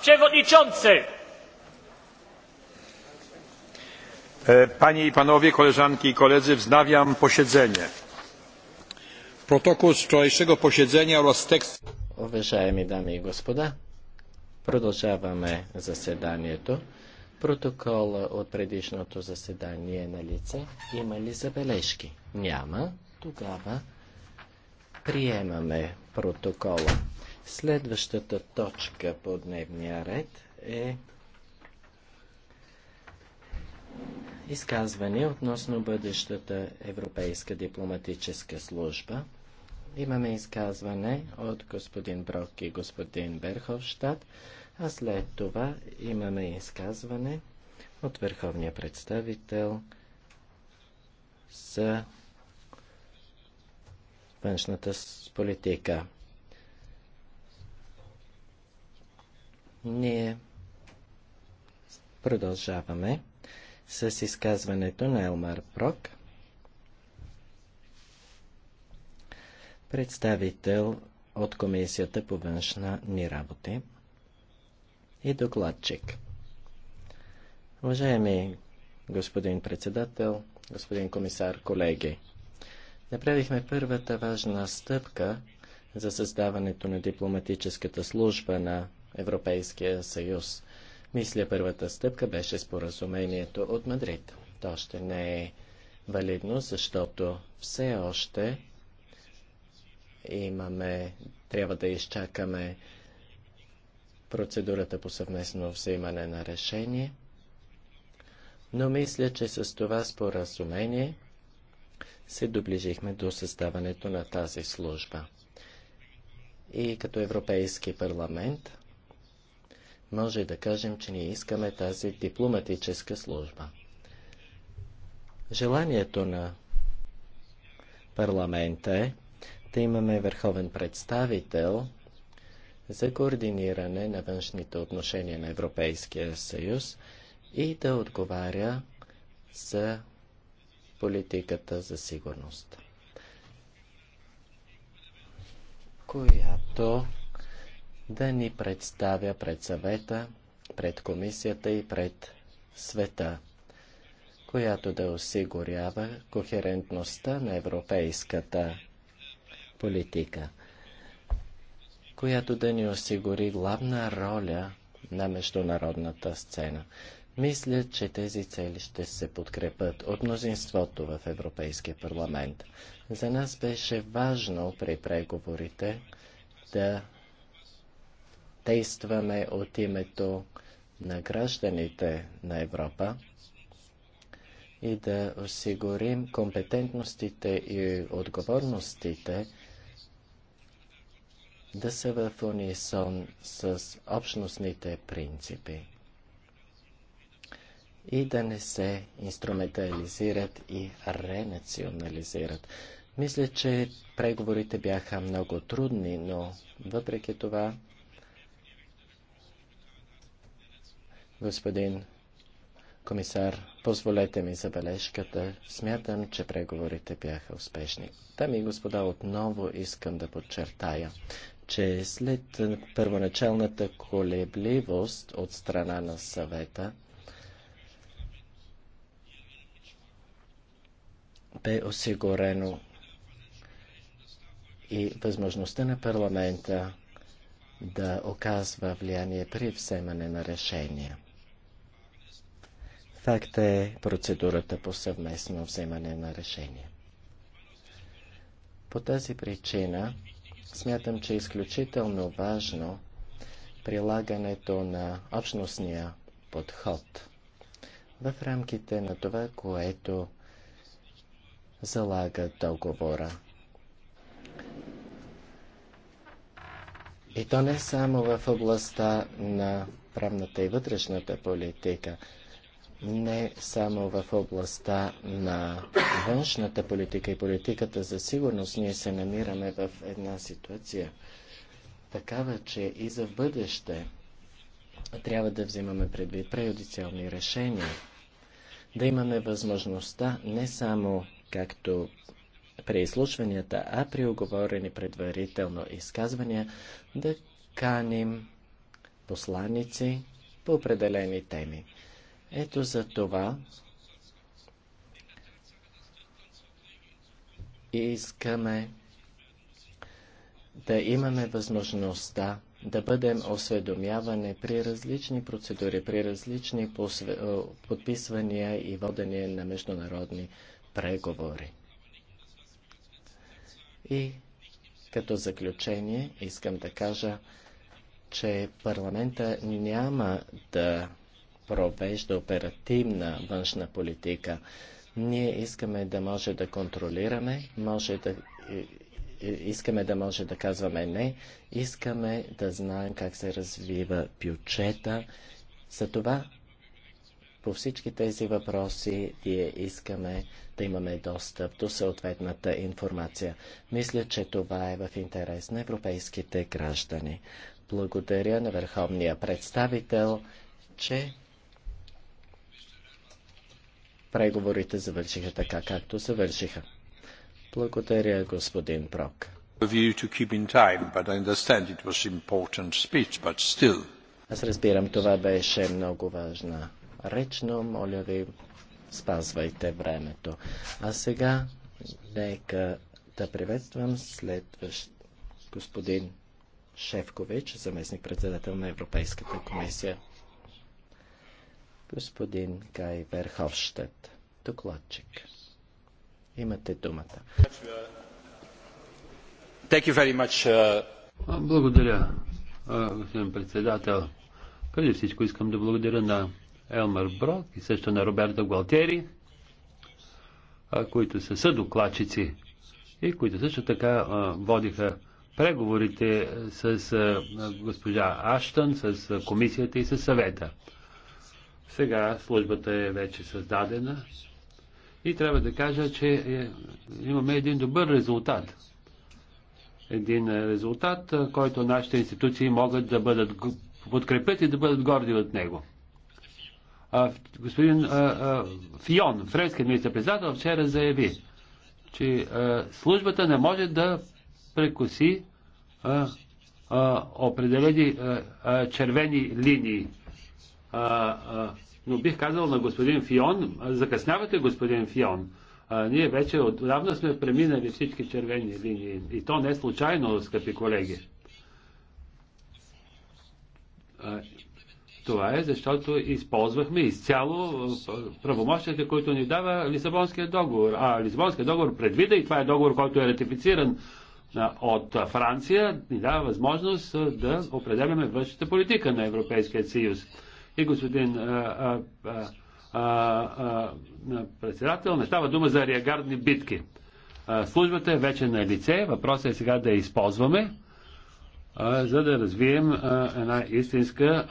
przewodniczący! E, panie i panowie, koleżanki i koledzy, wznawiam posiedzenie. Protokół z wczorajszego posiedzenia oraz tekst... Уважаеми дами и господа, продължаваме заседанието. Протокола от предишното заседание е на лице. Има ли забележки? Няма. Тогава приемаме протокола. Следващата точка по дневния ред е изказване относно бъдещата Европейска дипломатическа служба. Имаме изказване от господин Брок и господин Берховщад, а след това имаме изказване от върховния представител за външната политика. Ние продължаваме с изказването на Елмар Прок, представител от Комисията по външна ни работи и докладчик. Уважаеми господин председател, господин комисар, колеги, направихме първата важна стъпка за създаването на дипломатическата служба на Европейския съюз. Мисля, първата стъпка беше споразумението от Мадрид. То ще не е валидно, защото все още имаме, трябва да изчакаме процедурата по съвместно взимане на решение. Но мисля, че с това споразумение се доближихме до създаването на тази служба. И като Европейски парламент може да кажем, че ние искаме тази дипломатическа служба. Желанието на парламента е да имаме върховен представител за координиране на външните отношения на Европейския съюз и да отговаря за политиката за сигурност, която да ни представя пред съвета, пред комисията и пред света, която да осигурява кохерентността на европейската политика, която да ни осигури главна роля на международната сцена. Мисля, че тези цели ще се подкрепят от мнозинството в Европейския парламент. За нас беше важно при преговорите да действаме от името на гражданите на Европа и да осигурим компетентностите и отговорностите да са в унисон с общностните принципи и да не се инструментализират и ренационализират. Мисля, че преговорите бяха много трудни, но въпреки това Господин комисар, позволете ми забележката. Смятам, че преговорите бяха успешни. Дами и господа, отново искам да подчертая, че след първоначалната колебливост от страна на съвета, бе осигурено и възможността на парламента да оказва влияние при вземане на решения. Факт е процедурата по съвместно вземане на решение. По тази причина смятам, че е изключително важно прилагането на общностния подход в рамките на това, което залага договора. И то не само в областта на правната и вътрешната политика – не само в областта на външната политика и политиката за сигурност, ние се намираме в една ситуация такава, че и за бъдеще трябва да взимаме предвид преюдициални решения, да имаме възможността не само както при изслушванията, а при оговорени предварително изказвания да каним посланици по определени теми. Ето за това искаме да имаме възможността да бъдем осведомявани при различни процедури, при различни подписвания и водене на международни преговори. И като заключение искам да кажа, че парламента няма да провежда оперативна външна политика. Ние искаме да може да контролираме, може да, искаме да може да казваме не, искаме да знаем как се развива бюджета. За това по всички тези въпроси ние искаме да имаме достъп до съответната информация. Мисля, че това е в интерес на европейските граждани. Благодаря на върховния представител, че преговорите завършиха така, както завършиха. Благодаря, господин Прок. Аз разбирам, това беше много важна реч, но моля ви, спазвайте времето. А сега нека да приветствам следващ господин Шефкович, заместник председател на Европейската комисия господин Кай Верховщет, докладчик. Имате думата. Uh, благодаря, господин председател. Преди всичко искам да благодаря на Елмар Брок и също на Роберто Гуалтери, които са съдокладчици и които също така водиха преговорите с госпожа Аштън, с комисията и с съвета. Сега службата е вече създадена и трябва да кажа, че е, имаме един добър резултат. Един резултат, който нашите институции могат да бъдат подкрепят и да бъдат горди от него. А, господин а, а, Фион, френският министр-председател, вчера заяви, че а, службата не може да прекоси а, а, определени а, а, червени линии но бих казал на господин Фион, закъснявате господин Фион. А, ние вече отдавна сме преминали всички червени линии. И то не случайно, скъпи колеги. А, това е защото използвахме изцяло правомощите, които ни дава Лисабонския договор. А Лисабонския договор предвида и това е договор, който е ратифициран от Франция, ни дава възможност да определяме външната политика на Европейския съюз и господин а, а, а, председател, не става дума за реагардни битки. Службата е вече на лице, въпросът е сега да я използваме, за да развием една истинска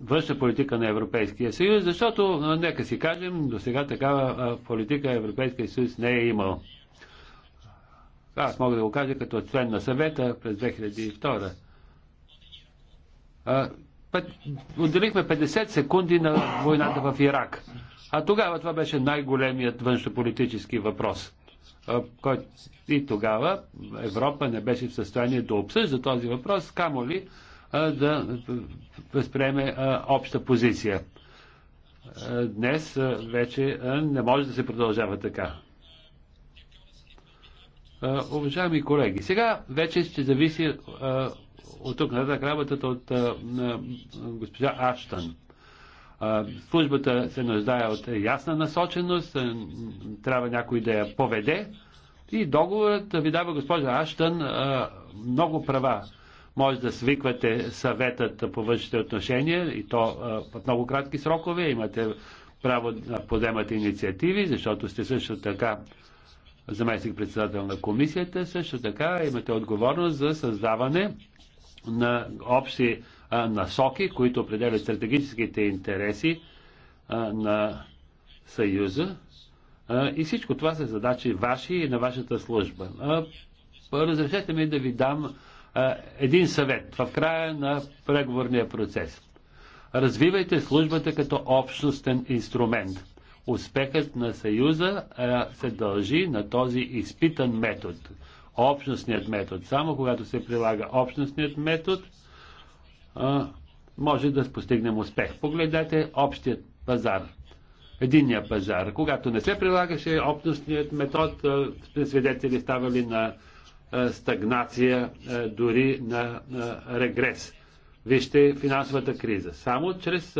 външна политика на Европейския съюз, защото, нека си кажем, до сега такава политика Европейския съюз не е имал. Аз мога да го кажа като член на съвета през 2002 отделихме 50 секунди на войната в Ирак. А тогава това беше най-големият външнополитически въпрос. И тогава Европа не беше в състояние да обсъжда този въпрос, камо ли да възприеме обща позиция. Днес вече не може да се продължава така. Уважаеми колеги, сега вече ще зависи от тук нататък работата от а, госпожа Аштън. Службата се нуждае от ясна насоченост, трябва някой да я поведе и договорът ви дава госпожа Аштън много права. Може да свиквате съветът по външните отношения и то в много кратки срокове. Имате право да подемате инициативи, защото сте също така заместник председател на комисията, също така имате отговорност за създаване на общи насоки, които определят стратегическите интереси на Съюза. И всичко това са задачи ваши и на вашата служба. Разрешете ми да ви дам един съвет в края на преговорния процес. Развивайте службата като общностен инструмент. Успехът на Съюза се дължи на този изпитан метод общностният метод. Само когато се прилага общностният метод, може да постигнем успех. Погледнете общият пазар. Единия пазар. Когато не се прилагаше общностният метод, сме свидетели ставали на стагнация, дори на регрес. Вижте финансовата криза. Само чрез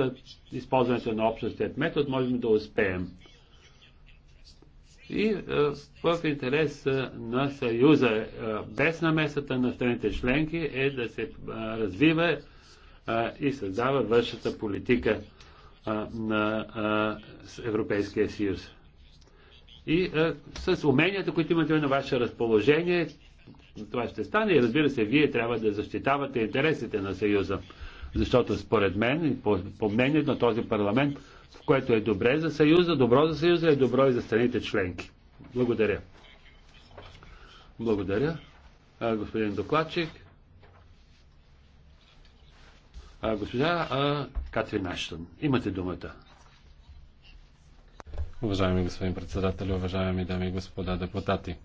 използването на общностният метод можем да успеем и е, в интерес е, на Съюза, е, без намесата на страните членки, е да се развива и създава външната политика на Европейския съюз. И с уменията, които имате на ваше разположение, това ще стане и разбира се, вие трябва да защитавате интересите на Съюза. Защото според мен и по, по мнението на този парламент, което е добре за Съюза, добро за Съюза и добро и за страните членки. Благодаря. Благодаря. А, господин докладчик. А, госпожа а, Катрин Аштън, имате думата. Уважаеми господин председател, уважаеми дами и господа депутати.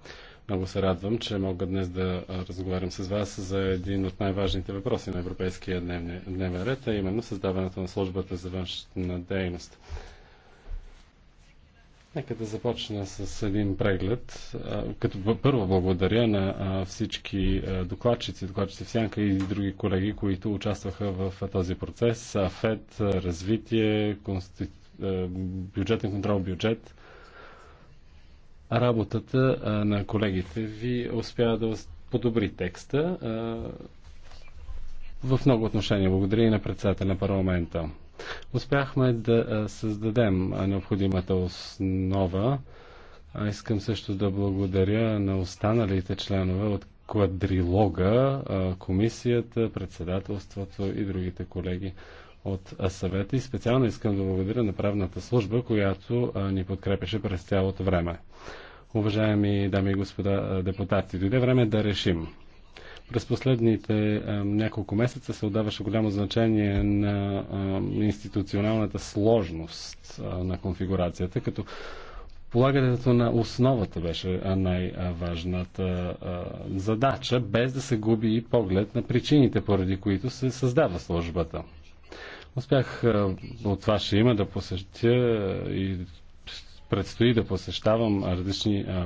Много се радвам, че мога днес да разговарям с вас за един от най-важните въпроси на европейския дневни, дневен ред, а именно създаването на службата за външна дейност. Нека да започна с един преглед. Като първо благодаря на всички докладчици, докладчици в Сянка и други колеги, които участваха в този процес. ФЕД, развитие, конститу... бюджетен контрол, бюджет, работата на колегите ви успя да подобри текста в много отношения. Благодаря и на председателя на парламента. Успяхме да създадем необходимата основа. А искам също да благодаря на останалите членове от квадрилога, комисията, председателството и другите колеги от съвета и специално искам да благодаря на правната служба, която ни подкрепеше през цялото време. Уважаеми дами и господа депутати, дойде време да решим. През последните а, няколко месеца се отдаваше голямо значение на а, институционалната сложност а, на конфигурацията, като полагането на основата беше най-важната задача, без да се губи и поглед на причините, поради които се създава службата. Успях е, от ваше име да посетя е, и предстои да посещавам различни е,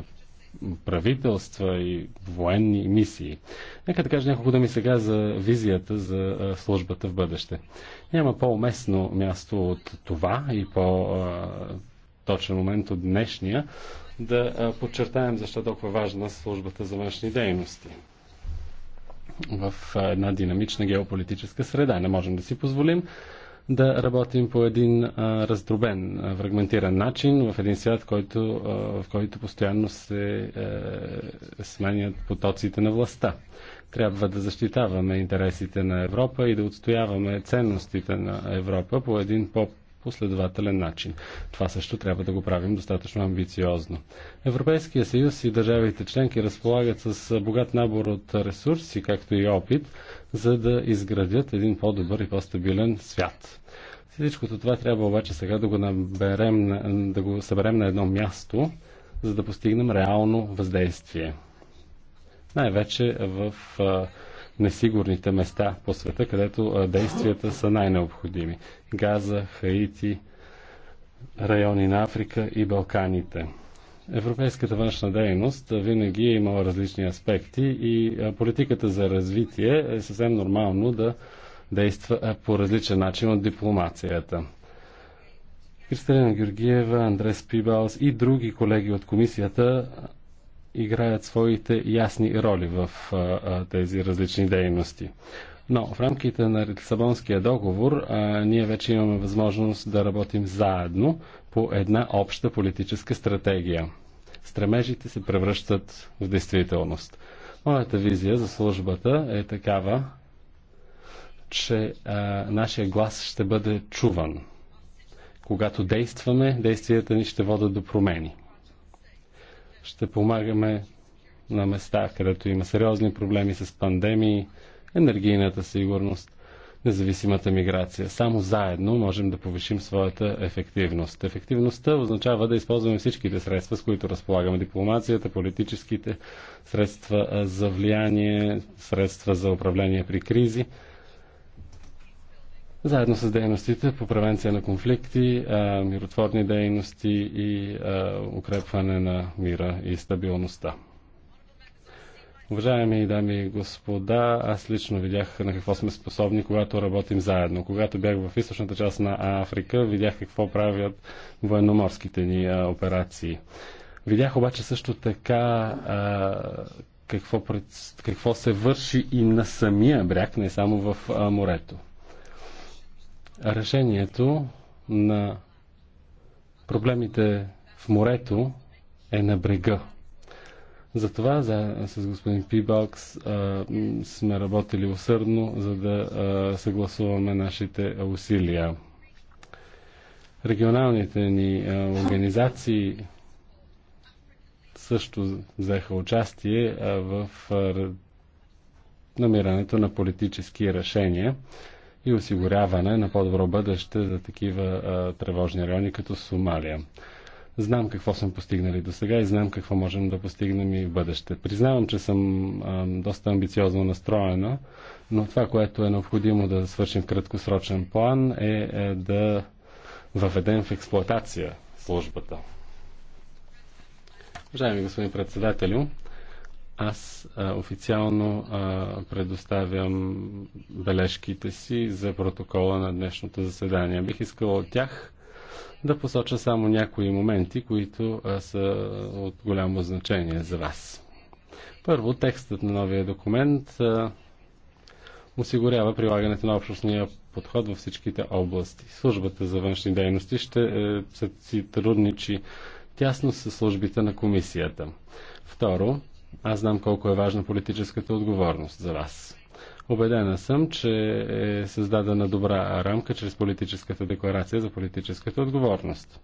правителства и военни мисии. Нека да кажа няколко да ми сега за визията за службата в бъдеще. Няма по-уместно място от това и по-точен момент от днешния да подчертаем защо е толкова важна службата за външни дейности в една динамична геополитическа среда. Не можем да си позволим да работим по един а, раздробен, а, фрагментиран начин в един свят, който, а, в който постоянно се а, е, сменят потоците на властта. Трябва да защитаваме интересите на Европа и да отстояваме ценностите на Европа по един по последователен начин. Това също трябва да го правим достатъчно амбициозно. Европейския съюз и държавите членки разполагат с богат набор от ресурси, както и опит, за да изградят един по-добър и по-стабилен свят. Всичкото това трябва обаче сега да го, наберем, да го съберем на едно място, за да постигнем реално въздействие. Най-вече в несигурните места по света, където действията са най-необходими. Газа, Хаити, райони на Африка и Балканите. Европейската външна дейност винаги е имала различни аспекти и политиката за развитие е съвсем нормално да действа по различен начин от дипломацията. Кристалина Георгиева, Андрес Пибалс и други колеги от комисията играят своите ясни роли в тези различни дейности. Но в рамките на Лисабонския договор а, ние вече имаме възможност да работим заедно по една обща политическа стратегия. Стремежите се превръщат в действителност. Моята визия за службата е такава, че а, нашия глас ще бъде чуван. Когато действаме, действията ни ще водят до промени. Ще помагаме на места, където има сериозни проблеми с пандемии, енергийната сигурност, независимата миграция. Само заедно можем да повишим своята ефективност. Ефективността означава да използваме всичките средства, с които разполагаме. Дипломацията, политическите средства за влияние, средства за управление при кризи заедно с дейностите по превенция на конфликти, миротворни дейности и укрепване на мира и стабилността. Уважаеми дами и господа, аз лично видях на какво сме способни, когато работим заедно. Когато бях в източната част на Африка, видях какво правят военноморските ни операции. Видях обаче също така а, какво, пред, какво се върши и на самия бряг, не само в а, морето. Решението на проблемите в морето е на брега. Затова за, с господин Пибалкс сме работили усърдно, за да а, съгласуваме нашите усилия. Регионалните ни а, организации също взеха участие а, в а, намирането на политически решения и осигуряване на по-добро бъдеще за такива а, тревожни райони като Сомалия. Знам какво съм постигнали до сега и знам какво можем да постигнем и в бъдеще. Признавам, че съм а, доста амбициозно настроена, но това, което е необходимо да свършим в краткосрочен план е, е да въведем в експлоатация службата. Уважаеми господин председателю, аз а, официално а, предоставям бележките си за протокола на днешното заседание. Бих искал от тях да посоча само някои моменти, които са от голямо значение за вас. Първо, текстът на новия документ осигурява прилагането на общностния подход във всичките области. Службата за външни дейности ще се трудничи тясно с службите на комисията. Второ, аз знам колко е важна политическата отговорност за вас. Обедена съм, че е създадена добра рамка чрез политическата декларация за политическата отговорност.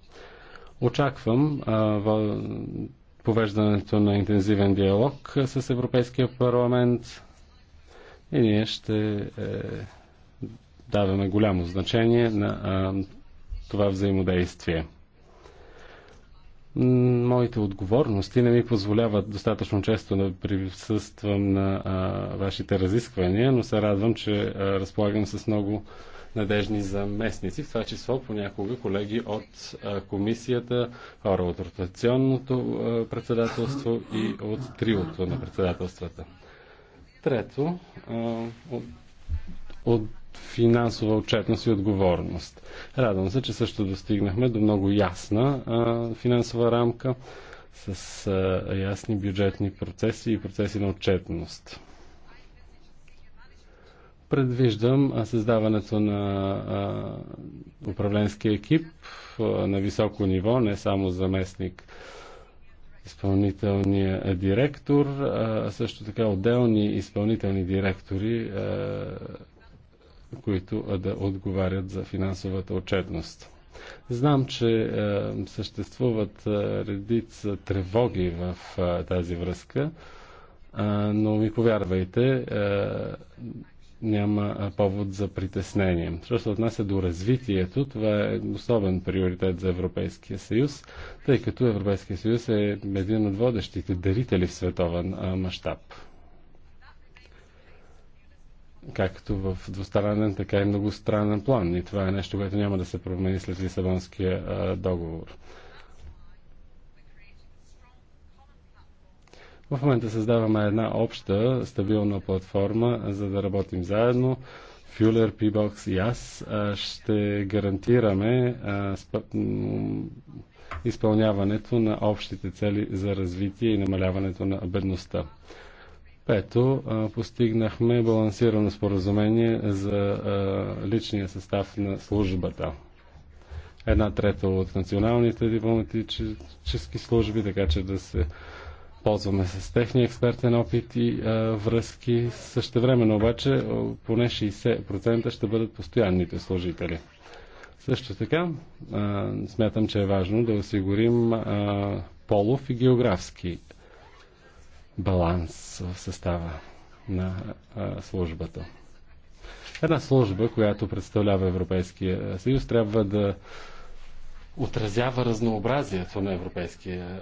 Очаквам а, в, повеждането на интензивен диалог с Европейския парламент и ние ще е, даваме голямо значение на а, това взаимодействие моите отговорности не ми позволяват достатъчно често да присъствам на а, вашите разисквания, но се радвам, че а, разполагам с много надежни заместници, в това число понякога колеги от а, комисията, хора от ротационното а, председателство и от триото на председателствата. Трето, а, от, от финансова отчетност и отговорност. Радвам се, че също достигнахме до много ясна а, финансова рамка с а, ясни бюджетни процеси и процеси на отчетност. Предвиждам а, създаването на а, управленски екип а, на високо ниво, не само заместник изпълнителния директор, а също така отделни изпълнителни директори, които да отговарят за финансовата отчетност. Знам, че съществуват редица тревоги в тази връзка, но ми повярвайте, няма повод за притеснение. Що се отнася до развитието, това е особен приоритет за Европейския съюз, тъй като Европейския съюз е един от водещите дарители в световен мащаб както в двустранен, така и многостранен план. И това е нещо, което няма да се промени след Лисабонския договор. В момента създаваме една обща, стабилна платформа, за да работим заедно. Фюлер, Пибокс и аз ще гарантираме изпълняването на общите цели за развитие и намаляването на бедността. Пето, постигнахме балансирано споразумение за личния състав на службата. Една трета от националните дипломатически служби, така че да се ползваме с техния експертен опит и а, връзки. Същевременно обаче поне 60% ще бъдат постоянните служители. Също така, а, смятам, че е важно да осигурим а, полов и географски баланс в състава на службата. Една служба, която представлява Европейския съюз, трябва да отразява разнообразието на Европейския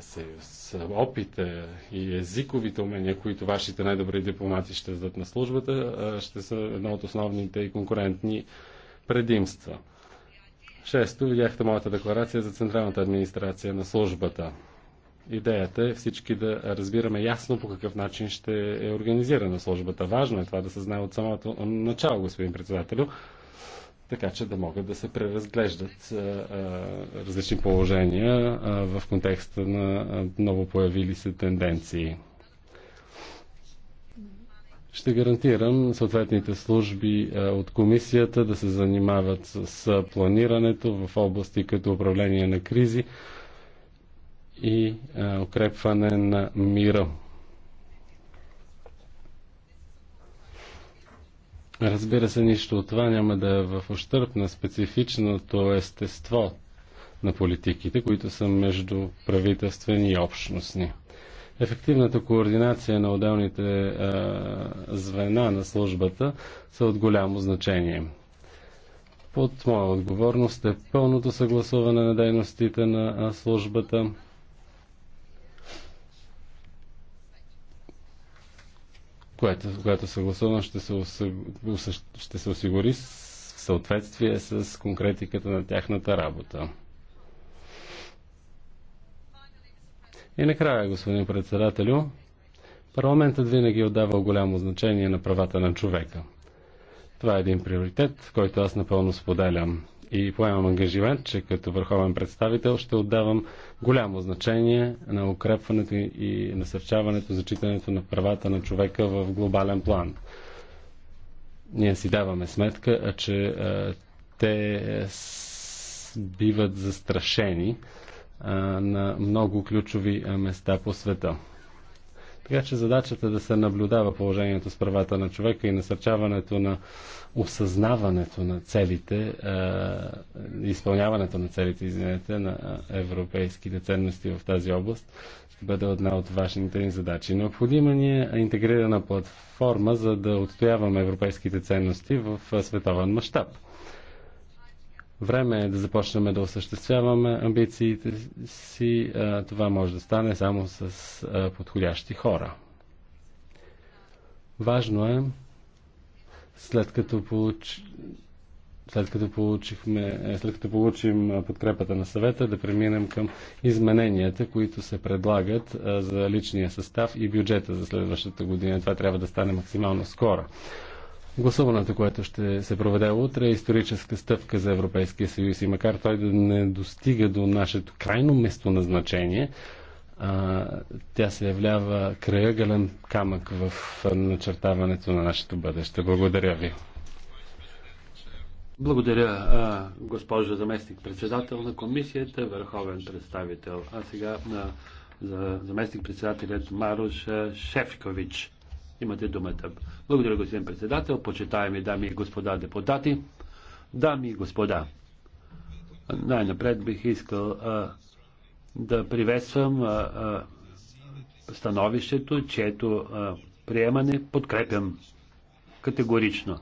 съюз. Опите и езиковите умения, които вашите най-добри дипломати ще дадат на службата, ще са едно от основните и конкурентни предимства. Шесто, видяхте моята декларация за Централната администрация на службата. Идеята е всички да разбираме ясно по какъв начин ще е организирана службата. Важно е това да се знае от самото начало, господин председателю, така че да могат да се преразглеждат различни положения в контекста на ново появили се тенденции ще гарантирам съответните служби от комисията да се занимават с планирането в области като управление на кризи, и е, укрепване на мира. Разбира се, нищо от това няма да е в ощърп на специфичното естество на политиките, които са между правителствени и общностни. Ефективната координация на отделните е, звена на службата са от голямо значение. Под моя отговорност е пълното съгласуване на дейностите на службата, Което което съгласувано ще се, ще се осигури в съответствие с конкретиката на тяхната работа. И накрая, господин председателю, парламентът винаги е отдавал голямо значение на правата на човека. Това е един приоритет, който аз напълно споделям и поемам ангажимент, че като върховен представител ще отдавам голямо значение на укрепването и насърчаването, зачитането на правата на човека в глобален план. Ние си даваме сметка, че те биват застрашени на много ключови места по света. Така че задачата е да се наблюдава положението с правата на човека и насърчаването на осъзнаването на целите, е, изпълняването на целите, извинете, на е, европейските ценности в тази област ще бъде една от важните ни задачи. Необходима ни е интегрирана платформа, за да отстояваме европейските ценности в е, световен мащаб. Време е да започнем да осъществяваме амбициите си. Това може да стане само с подходящи хора. Важно е, след като, получ... след като, получихме... Е, след като получим подкрепата на съвета, да преминем към измененията, които се предлагат за личния състав и бюджета за следващата година. Това трябва да стане максимално скоро. Гласуването, което ще се проведе утре, е историческа стъпка за Европейския съюз и макар той да не достига до нашето крайно местоназначение, тя се являва краягален камък в начертаването на нашето бъдеще. Благодаря ви. Благодаря, госпожо заместник председател на комисията, върховен представител. А сега на заместник председателят Марош Шефкович. Имате думата. Благодаря, господин председател, почитаеми дами и господа депутати, дами и господа. Най-напред бих искал а, да приветствам а, а, становището, чието а, приемане подкрепям категорично.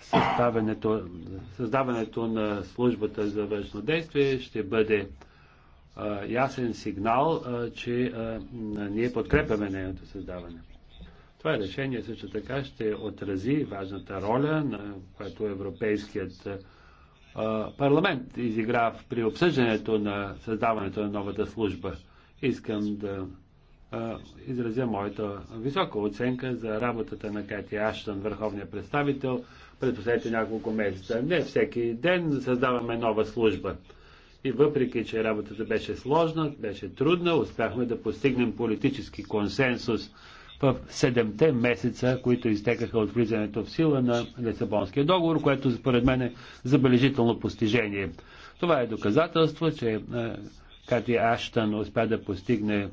Съставянето, създаването на службата за външно действие ще бъде а, ясен сигнал, а, че а, ние подкрепяме нейното създаване. Това е решение също така ще отрази важната роля, на която Европейският парламент изигра при обсъждането на създаването на новата служба. Искам да изразя моята висока оценка за работата на Кати Аштън, върховния представител, през последните няколко месеца. Не всеки ден създаваме нова служба. И въпреки, че работата беше сложна, беше трудна, успяхме да постигнем политически консенсус в седемте месеца, които изтекаха от влизането в сила на Лисабонския договор, което според мен е забележително постижение. Това е доказателство, че е, Кати Аштан успя да постигне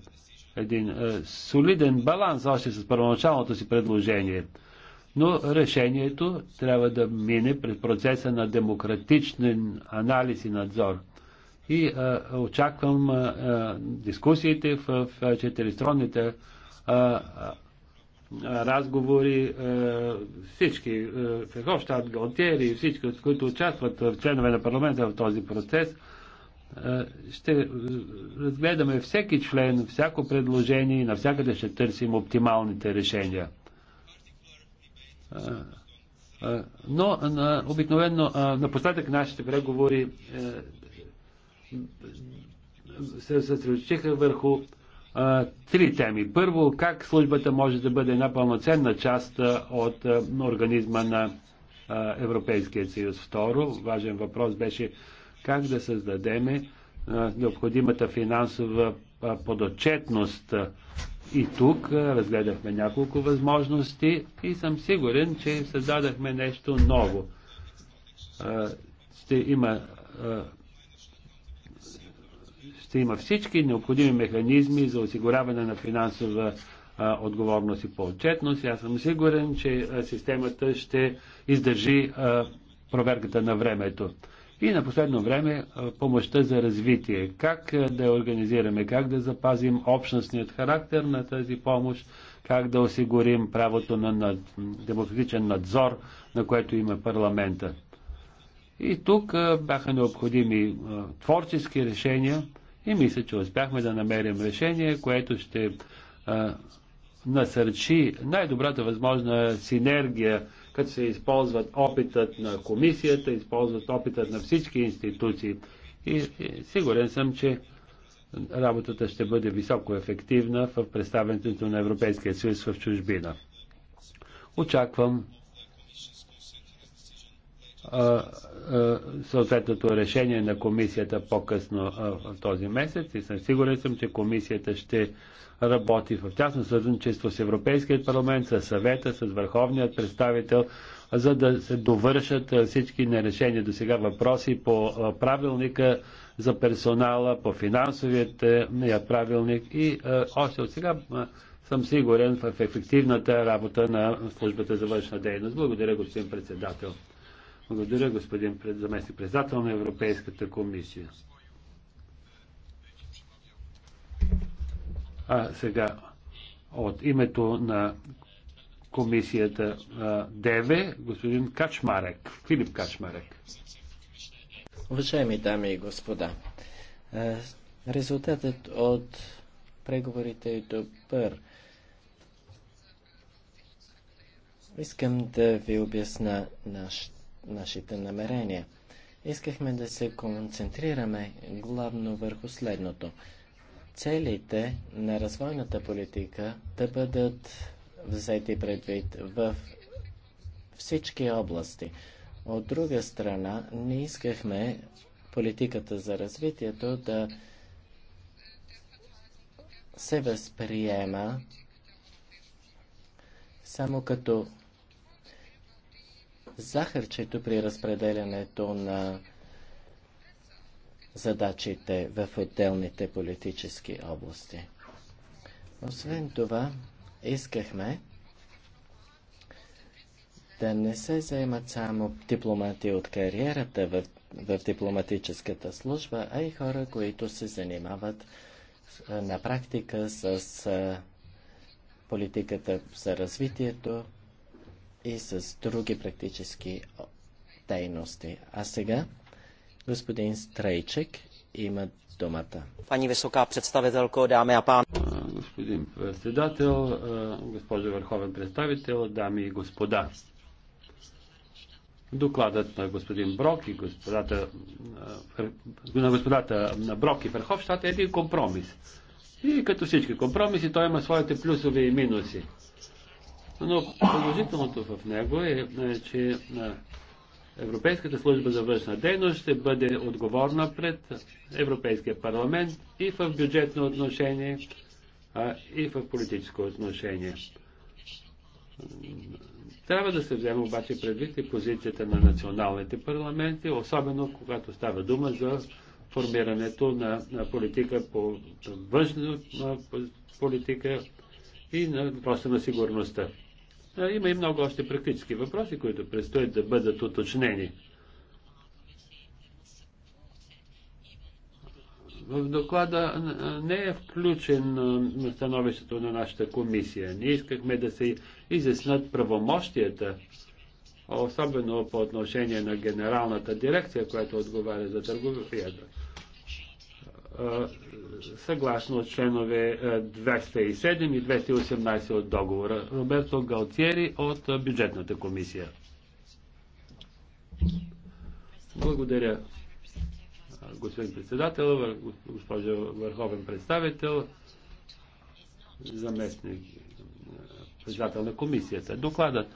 един е, солиден баланс още с първоначалното си предложение. Но решението трябва да мине през процеса на демократичен анализ и надзор. И а, е, очаквам а, дискусиите в, в четиристронните разговори, всички, Феховщад, Галтери, всички, които участват в членове на парламента в този процес, ще разгледаме всеки член, всяко предложение и навсякъде ще търсим оптималните решения. Но на, обикновено напоследък нашите преговори е, се съсредоточиха върху три теми. Първо, как службата може да бъде една пълноценна част от организма на Европейския съюз. Второ, важен въпрос беше как да създадеме необходимата финансова подотчетност. И тук разгледахме няколко възможности и съм сигурен, че създадахме нещо ново. ще има ще има всички необходими механизми за осигуряване на финансова а, отговорност и по отчетност. Аз съм сигурен, че а, системата ще издържи а, проверката на времето. И на последно време помощта за развитие. Как да я организираме, как да запазим общностният характер на тази помощ, как да осигурим правото на, на демократичен надзор, на което има парламента. И тук бяха необходими творчески решения и мисля, че успяхме да намерим решение, което ще насърчи най-добрата възможна синергия, като се използват опитът на комисията, използват опитът на всички институции. И, сигурен съм, че работата ще бъде високо ефективна в представенето на Европейския съюз в чужбина. Очаквам е, съответното решение на комисията по-късно е, в този месец и съм сигурен съм, че комисията ще работи в тясно сътрудничество с Европейският парламент, с съвета, с върховният представител, за да се довършат е, всички нерешени до сега въпроси по правилника за персонала, по финансовият правилник и още от сега съм сигурен в ефективната работа на службата за външна дейност. Благодаря, господин председател. Благодаря, господин заместник председател на Европейската комисия. А сега от името на комисията ДЕВЕ, господин Качмарек, Филип Качмарек. Уважаеми дами и господа, резултатът от преговорите е добър. Искам да ви обясна нашите нашите намерения. Искахме да се концентрираме главно върху следното. Целите на развойната политика да бъдат взети предвид в всички области. От друга страна, не искахме политиката за развитието да се възприема само като захарчето при разпределянето на задачите в отделните политически области. Освен това, искахме да не се заемат само дипломати от кариерата в, в дипломатическата служба, а и хора, които се занимават на практика с политиката за развитието и с други практически дейности. А сега господин Стрейчек има думата. Пани висока представителко, дами и пан. Господин председател, госпожо върховен представител, дами и господа. Докладът на господин Брок и господата, на господата на Брок и Верховщата е един компромис. И като всички компромиси, той има своите плюсове и минуси. Но положителното в него е, е че е, Европейската служба за външна дейност ще бъде отговорна пред Европейския парламент и в бюджетно отношение, а и в политическо отношение. Трябва да се вземе обаче предвид и позицията на националните парламенти, особено когато става дума за формирането на, на политика по външна политика и на въпроса на сигурността. Има и много още практически въпроси, които предстоят да бъдат уточнени. В доклада не е включен на становището на нашата комисия. Ние искахме да се изяснат правомощията, особено по отношение на генералната дирекция, която отговаря за търговията съгласно членове 207 и 218 от договора. Роберто Галтиери от бюджетната комисия. Благодаря, господин председател, госпожа върховен представител, заместник председател на комисията. Докладът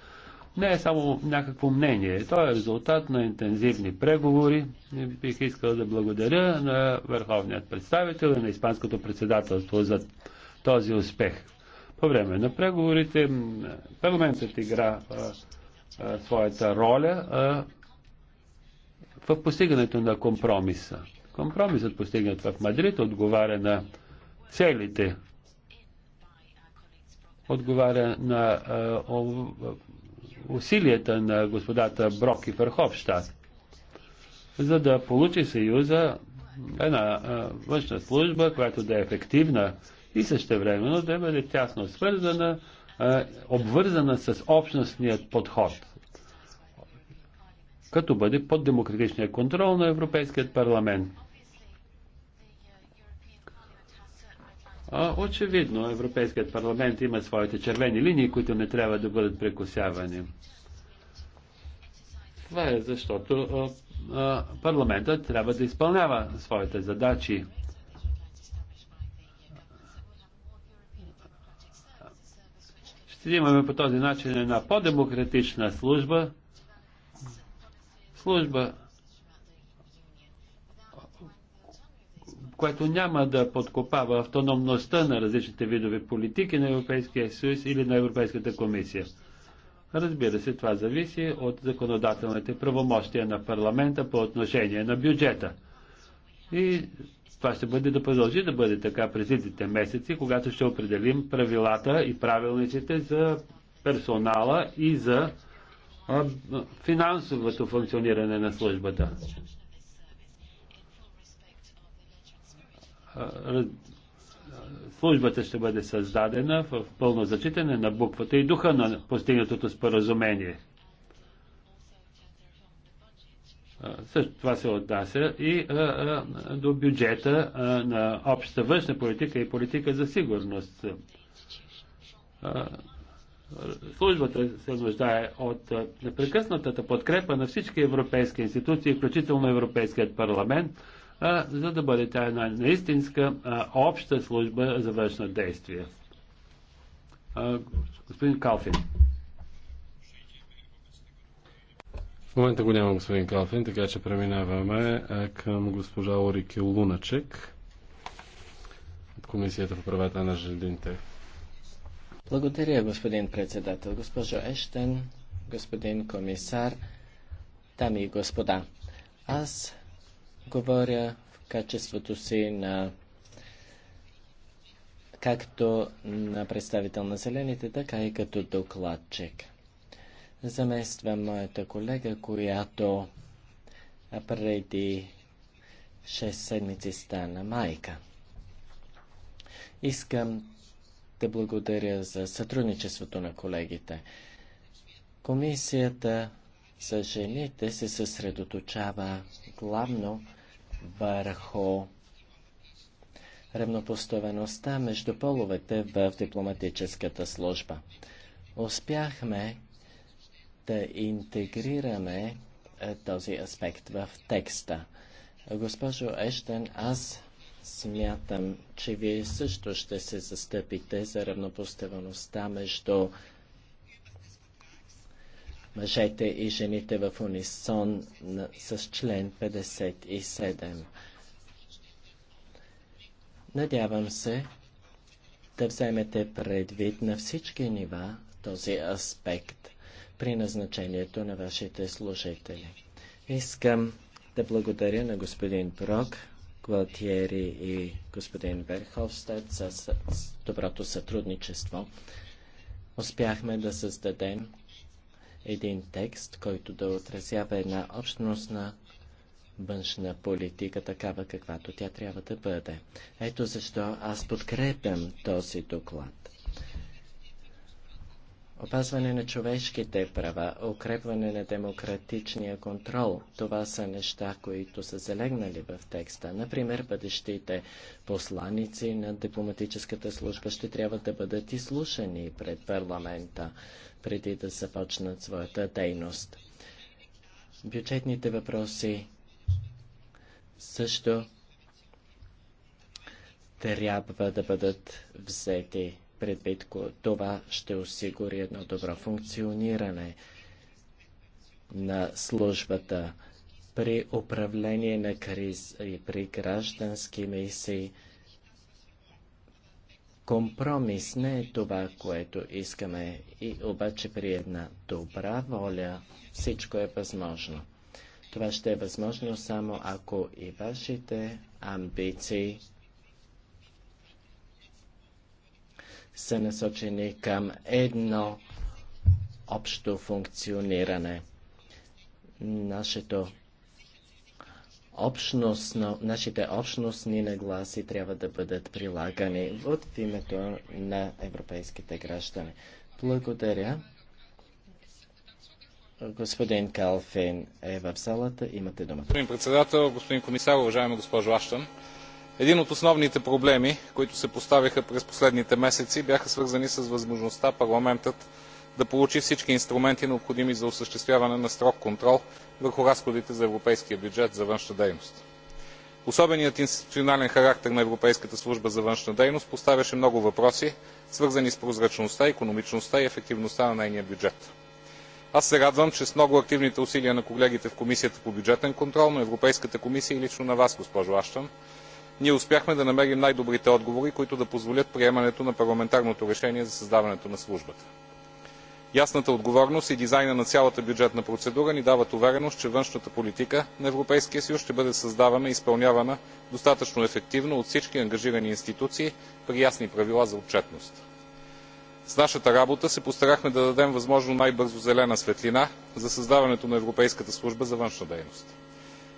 не е само някакво мнение. То е резултат на интензивни преговори. Бих искал да благодаря на върховният представител и на Испанското председателство за този успех. По време на преговорите парламентът игра а, а, своята роля а, в постигането на компромиса. Компромисът постигнат в Мадрид отговаря на целите, отговаря на а, усилията на господата Брок и Ферховщад, за да получи Съюза една външна служба, която да е ефективна и същевременно да бъде тясно свързана, обвързана с общностният подход, като бъде под демократичния контрол на Европейският парламент. Очевидно, Европейският парламент има своите червени линии, които не трябва да бъдат прекусявани. Това е защото парламентът трябва да изпълнява своите задачи. Ще имаме по този начин една по-демократична служба, служба, което няма да подкопава автономността на различните видове политики на Европейския съюз или на Европейската комисия. Разбира се, това зависи от законодателните правомощия на парламента по отношение на бюджета. И това ще бъде да продължи да бъде така през идните месеци, когато ще определим правилата и правилниците за персонала и за финансовото функциониране на службата. службата ще бъде създадена в пълно зачитане на буквата и духа на постигнатото споразумение. Също това се отнася и до бюджета на общата външна политика и политика за сигурност. службата се нуждае от непрекъснатата подкрепа на всички европейски институции, включително Европейският парламент, а, за да бъде тя една наистинска а, обща служба за външно действие. А, Господин Калфин. В момента го няма господин Калфин, така че преминаваме а, към госпожа Орики Луначек от Комисията по правата на жените. Благодаря, господин председател, госпожо Ещен, господин комисар, дами и господа. Аз Говоря в качеството си на както на представител на зелените, така и като докладчик. Замествам моята колега, която преди 6 седмици стана майка. Искам да благодаря за сътрудничеството на колегите. Комисията за жените се съсредоточава главно върху равнопоставеността между половете в дипломатическата служба. Успяхме да интегрираме е, този аспект в текста. Госпожо Ещен, аз смятам, че вие също ще се застъпите за равнопоставеността между мъжете и жените в унисон с член 57. Надявам се да вземете предвид на всички нива този аспект при назначението на вашите служители. Искам да благодаря на господин Брок, Гвалтиери и господин Верховстед за доброто сътрудничество. Успяхме да създадем един текст, който да отразява една общностна външна политика, такава каквато тя трябва да бъде. Ето защо аз подкрепям този доклад. Опазване на човешките права, укрепване на демократичния контрол – това са неща, които са залегнали в текста. Например, бъдещите посланици на дипломатическата служба ще трябва да бъдат изслушани пред парламента, преди да започнат своята дейност. Бюджетните въпроси също трябва да бъдат взети предвид това ще осигури едно добро функциониране на службата при управление на криз и при граждански мисии. Компромис не е това, което искаме, и обаче при една добра воля всичко е възможно. Това ще е възможно само ако и вашите амбиции са насочени към едно общо функциониране. Нашето общностно, нашите общностни нагласи трябва да бъдат прилагани от името на европейските граждани. Благодаря. Господин Калфин е в залата. Имате думата. Господин председател, господин комисар, уважаема госпожо Аштън един от основните проблеми които се поставиха през последните месеци бяха свързани с възможността парламентът да получи всички инструменти необходими за осъществяване на строг контрол върху разходите за европейския бюджет за външна дейност. особеният институционален характер на европейската служба за външна дейност поставяше много въпроси свързани с прозрачността икономичността и ефективността на нейния бюджет. аз се радвам че с много активните усилия на колегите в комисията по бюджетен контрол на европейската комисия и лично на вас госпожо аштън ние успяхме да намерим най добрите отговори които да позволят приемането на парламентарното решение за създаването на службата. ясната отговорност и дизайнът на цялата бюджетна процедура ни дават увереност че външната политика на европейския съюз ще бъде създавана и изпълнявана достатъчно ефективно от всички ангажирани институции при ясни правила за отчетност. с нашата работа се постарахме да дадем възможно най бързо зелена светлина за създаването на европейската служба за външна дейност.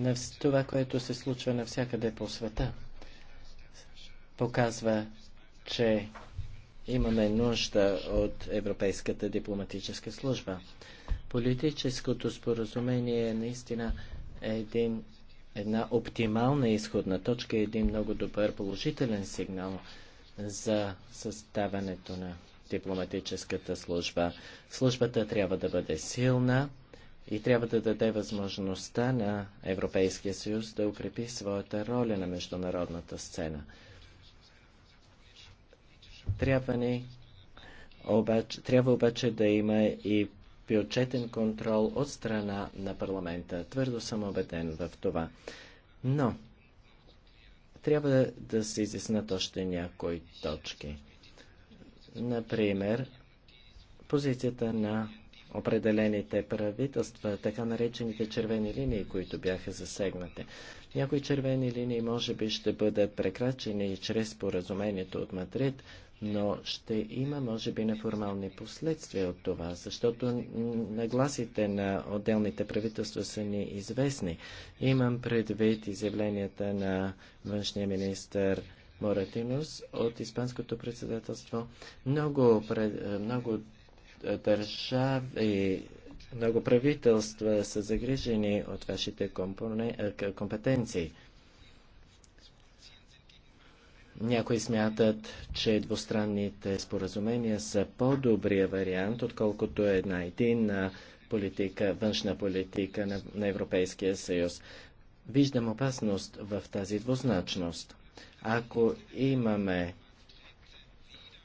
на това, което се случва навсякъде по света. Показва, че имаме нужда от Европейската дипломатическа служба. Политическото споразумение е наистина един, една оптимална изходна точка, един много добър положителен сигнал за съставането на дипломатическата служба. Службата трябва да бъде силна, и трябва да даде възможността на Европейския съюз да укрепи своята роля на международната сцена. Трябва ни обаче, трябва обаче да има и бюджетен контрол от страна на парламента. Твърдо съм убеден в това. Но трябва да се изяснат още някои точки. Например, позицията на определените правителства, така наречените червени линии, които бяха засегнати. Някои червени линии може би ще бъдат прекрачени чрез поразумението от Мадрид, но ще има, може би, неформални последствия от това, защото нагласите на отделните правителства са ни известни. Имам предвид изявленията на външния министр Моратинус от Испанското председателство. Много, пред, много държави, много правителства са загрижени от вашите е, компетенции. Някои смятат, че двустранните споразумения са по-добрия вариант, отколкото е една единна политика, външна политика на, на Европейския съюз. Виждам опасност в тази двузначност. Ако имаме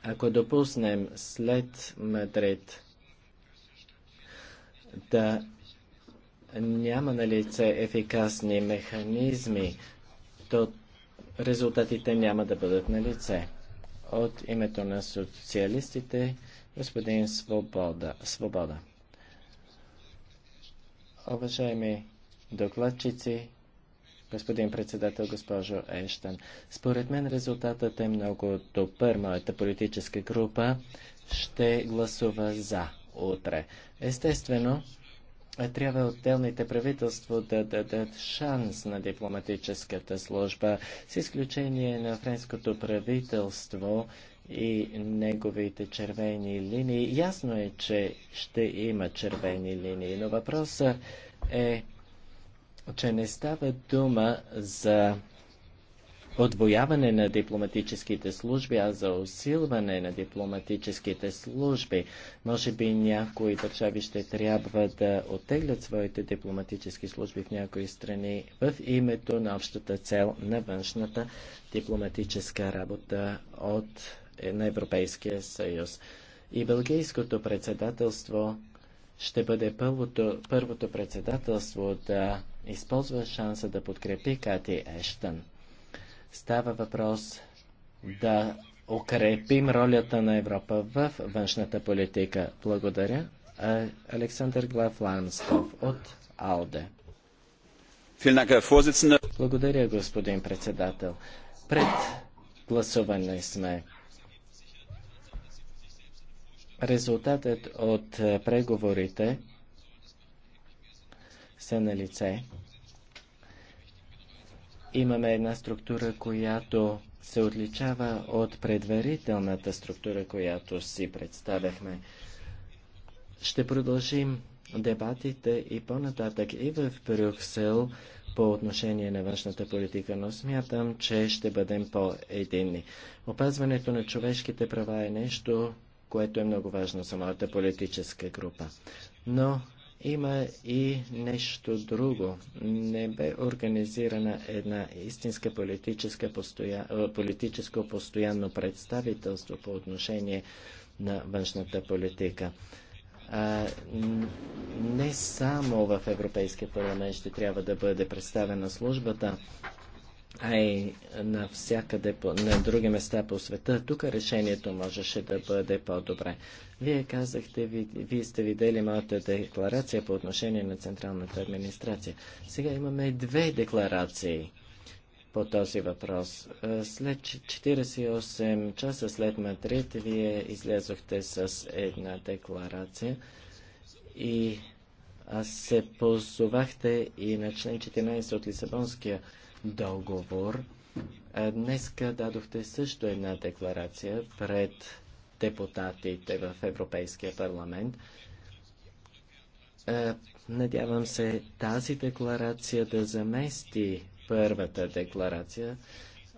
ако допуснем след Мадрид да няма на лице ефикасни механизми, то резултатите няма да бъдат на лице. От името на социалистите, господин Свобода. Свобода. Уважаеми докладчици, господин председател, госпожо Ештън. Според мен резултатът е много добър. Моята политическа група ще гласува за утре. Естествено, трябва отделните правителства да дадат шанс на дипломатическата служба, с изключение на френското правителство и неговите червени линии. Ясно е, че ще има червени линии, но въпросът е че не става дума за отвояване на дипломатическите служби, а за усилване на дипломатическите служби. Може би някои държави ще трябва да оттеглят своите дипломатически служби в някои страни в името на общата цел на външната дипломатическа работа от, е, на Европейския съюз. И Бългийското председателство ще бъде първото, първото председателство да използва шанса да подкрепи Кати Ештън. Става въпрос да укрепим ролята на Европа в външната политика. Благодаря. Александър Глав от АЛДЕ. Благодаря, господин председател. Пред гласуване сме. Резултатът от преговорите са на лице. Имаме една структура, която се отличава от предварителната структура, която си представяхме. Ще продължим дебатите и по-нататък и в Брюксел по отношение на външната политика, но смятам, че ще бъдем по-единни. Опазването на човешките права е нещо, което е много важно за моята политическа група. Но има и нещо друго. Не бе организирана една истинска политическа постоя... политическо постоянно представителство по отношение на външната политика. А, не само в Европейския парламент ще трябва да бъде представена службата, а и навсякъде на други места по света, тук решението можеше да бъде по-добре. Вие казахте, ви, вие сте видели моята декларация по отношение на Централната администрация. Сега имаме две декларации по този въпрос. След 48 часа след Мадрид, вие излязохте с една декларация и аз се позовахте и на член 14 от Лисабонския договор. днеска дадохте също една декларация пред депутатите в Европейския парламент. Надявам се тази декларация да замести първата декларация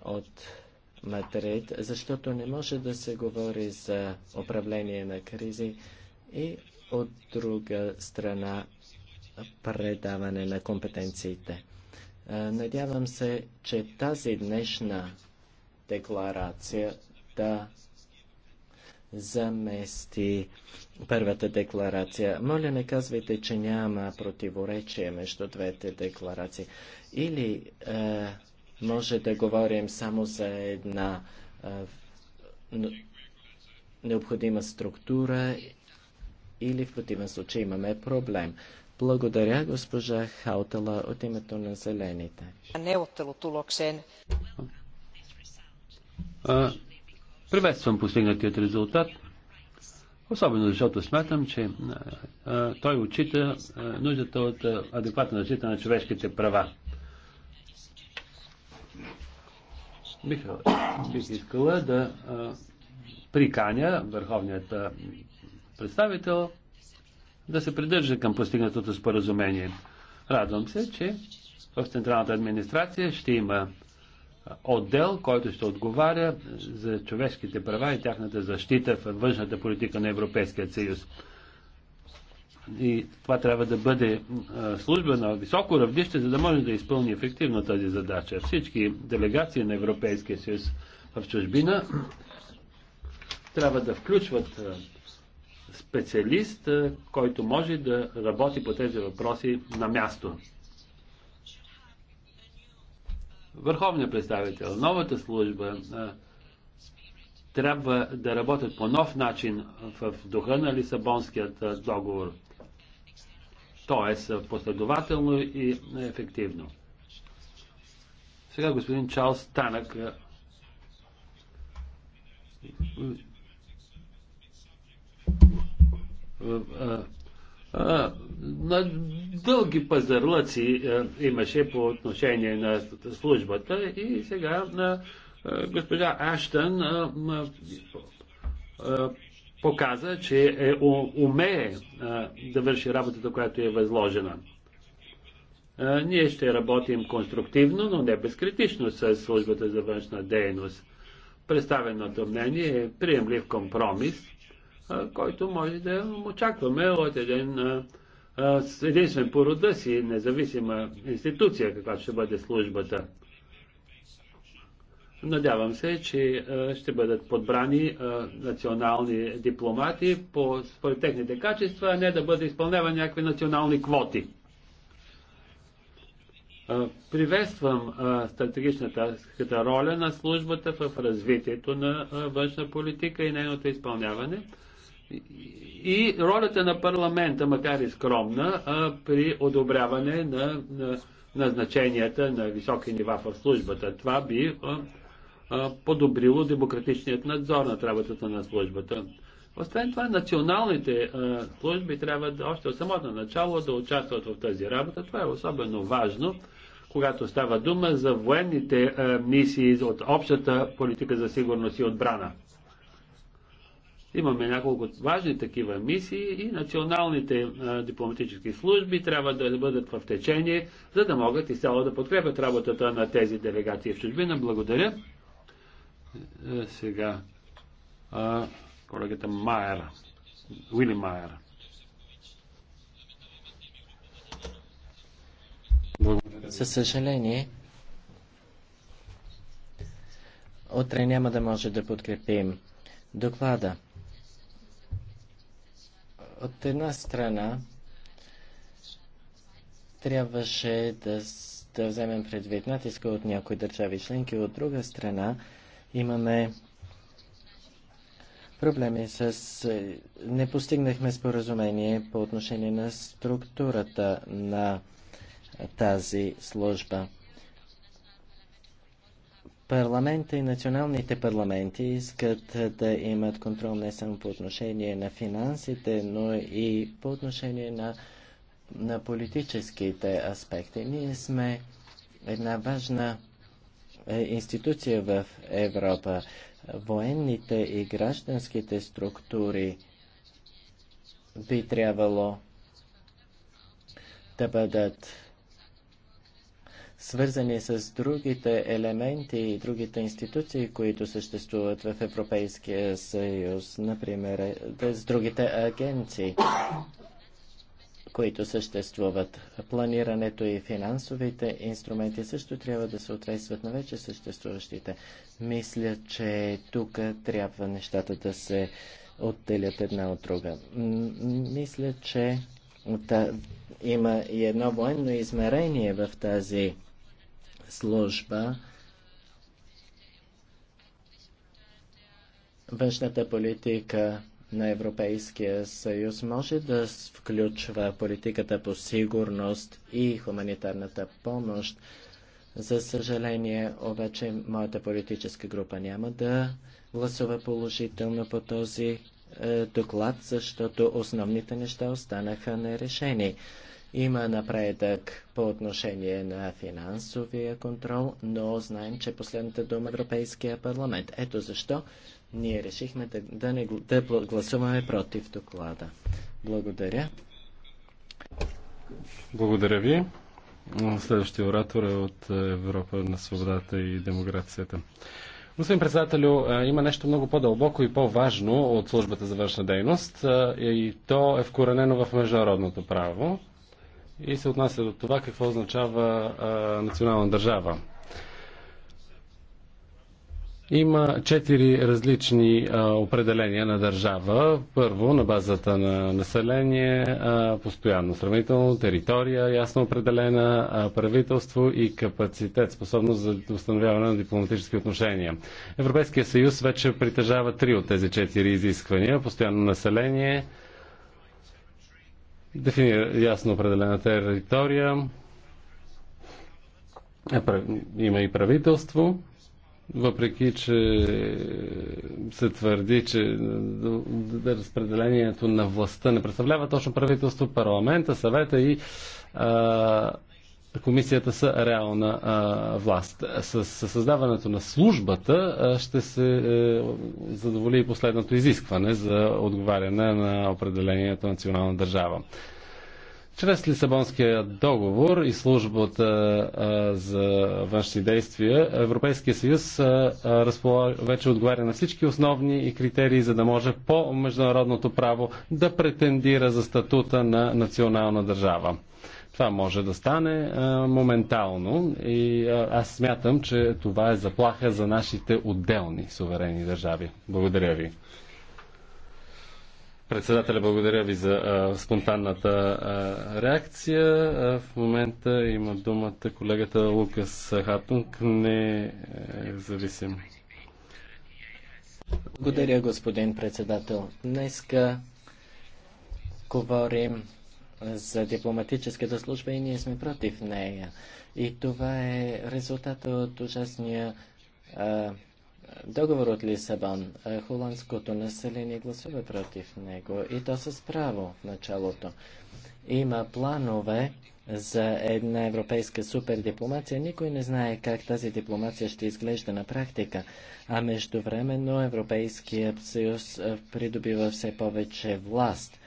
от Мадрид, защото не може да се говори за управление на кризи и от друга страна предаване на компетенциите. Е, надявам се, че тази днешна декларация да замести първата декларация. Моля, не казвайте, че няма противоречие между двете декларации. Или е, може да говорим само за една е, необходима структура, или в противен случай имаме проблем. Благодаря, госпожа Хаутала, от името на Зелените. А, приветствам постигнатият резултат, особено защото смятам, че а, той отчита а, нуждата от а, адекватна защита на човешките права. Бих, бих искала да а, приканя върховният представител да се придържа към постигнатото споразумение. Радвам се, че в Централната администрация ще има отдел, който ще отговаря за човешките права и тяхната защита в външната политика на Европейския съюз. И това трябва да бъде служба на високо равнище, за да може да изпълни ефективно тази задача. Всички делегации на Европейския съюз в чужбина трябва да включват специалист, който може да работи по тези въпроси на място. Върховният представител, новата служба трябва да работят по нов начин в духа на Лисабонският договор. Тоест последователно и ефективно. Сега господин Чарлз Танък на дълги пазарлъци имаше по отношение на службата и сега на госпожа Аштън показа, че е, умее да върши работата, която е възложена. Ние ще работим конструктивно, но не безкритично с службата за външна дейност. Представеното мнение е приемлив компромис – който може да очакваме от един единствен по рода си независима институция, каква ще бъде службата. Надявам се, че ще бъдат подбрани национални дипломати по според техните качества, а не да бъде изпълнява някакви национални квоти. Приветствам стратегичната роля на службата в развитието на външна политика и нейното изпълняване и ролята на парламента, макар и скромна, при одобряване на, назначенията на високи нива в службата. Това би подобрило демократичният надзор на работата на службата. Освен това, националните служби трябва да, още от самото начало да участват в тази работа. Това е особено важно, когато става дума за военните мисии от общата политика за сигурност и отбрана. Имаме няколко важни такива мисии и националните дипломатически служби трябва да бъдат в течение, за да могат изцяло да подкрепят работата на тези делегации в чужбина. Благодаря. Е, е, сега колегата Майер, Уили Майер. Със съжаление, утре няма да може да подкрепим доклада. От една страна, трябваше да, да вземем предвид натиска от някои държави членки, от друга страна, имаме проблеми с... Е, не постигнахме споразумение по отношение на структурата на тази служба. Парламента и националните парламенти искат да имат контрол не само по отношение на финансите, но и по отношение на, на политическите аспекти. Ние сме една важна е, институция в Европа. Военните и гражданските структури би трябвало да бъдат свързани с другите елементи и другите институции, които съществуват в Европейския съюз, например е, с другите агенции, които съществуват. Планирането и финансовите инструменти също трябва да съответстват на вече съществуващите. Мисля, че тук трябва нещата да се отделят една от друга. Мисля, че има и едно военно измерение в тази служба, външната политика на Европейския съюз може да включва политиката по сигурност и хуманитарната помощ. За съжаление, обаче, моята политическа група няма да гласува положително по този е, доклад, защото основните неща останаха нерешени. Има напредък по отношение на финансовия контрол, но знаем, че последната дума е Европейския парламент. Ето защо ние решихме да, да, не, да гласуваме против доклада. Благодаря. Благодаря ви. Следващия оратор е от Европа на свободата и демокрацията. Господин председателю, има нещо много по-дълбоко и по-важно от службата за външна дейност и то е вкоренено в международното право и се отнася до това какво означава а, национална държава. Има четири различни а, определения на държава. Първо, на базата на население, а, постоянно сравнително, територия, ясно определена, а, правителство и капацитет, способност за установяване на дипломатически отношения. Европейския съюз вече притежава три от тези четири изисквания. Постоянно население, дефинира ясно определена територия. Е, има и правителство, въпреки че се твърди, че разпределението на властта не представлява точно правителство, парламента, съвета и а, комисията са реална а, власт. С, с създаването на службата а, ще се а, е, задоволи и последното изискване за отговаряне на определението национална държава. Чрез Лисабонския договор и службата а, за външни действия, Европейския съюз а, разполага, вече отговаря на всички основни и критерии, за да може по международното право да претендира за статута на национална държава. Това може да стане а, моментално и а, аз смятам, че това е заплаха за нашите отделни суверени държави. Благодаря ви. Председателя, благодаря ви за а, спонтанната а, реакция. А, в момента има думата колегата Лукас Хартунг, не е зависим. Благодаря, господин председател. Днеска говорим за дипломатическата служба и ние сме против нея. И това е резултат от ужасния а, договор от Лисабон. А, холандското население гласува против него и то с право в началото. Има планове за една европейска супердипломация. Никой не знае как тази дипломация ще изглежда на практика, а междувременно Европейският съюз придобива все повече власт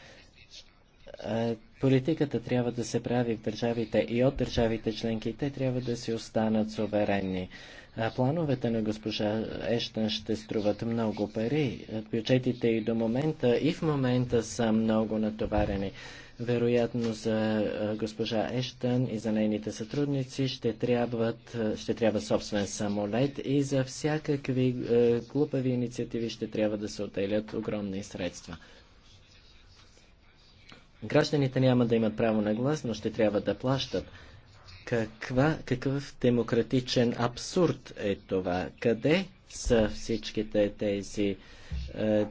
Политиката трябва да се прави в държавите и от държавите членки. Те трябва да си останат суверенни. А плановете на госпожа Ештън ще струват много пари. Бюджетите и до момента, и в момента са много натоварени. Вероятно за госпожа Ештън и за нейните сътрудници ще, трябват, ще трябва собствен самолет и за всякакви глупави инициативи ще трябва да се отделят огромни средства. Гражданите няма да имат право на глас, но ще трябва да плащат. Каква, какъв демократичен абсурд е това? Къде са всичките тези е,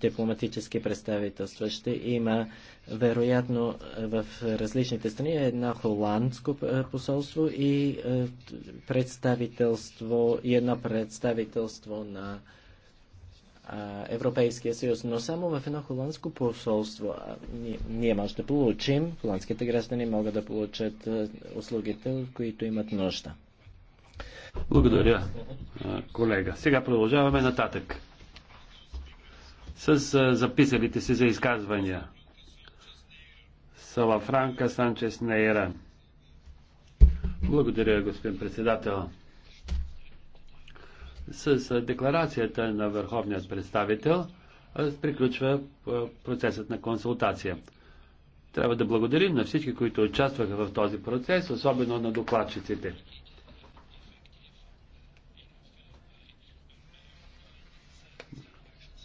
дипломатически представителства? Ще има, вероятно, в различните страни е едно холандско е, посолство и е, представителство, и едно представителство на Европейския съюз, но само в едно холандско посолство ние, ние може да получим, холандските граждани могат да получат услугите, които имат нужда. Благодаря, колега. Сега продължаваме нататък с записалите си за изказвания. Салафранка Санчес Нейра. Благодаря, господин председател. С декларацията на върховният представител приключва процесът на консултация. Трябва да благодарим на всички, които участваха в този процес, особено на докладчиците.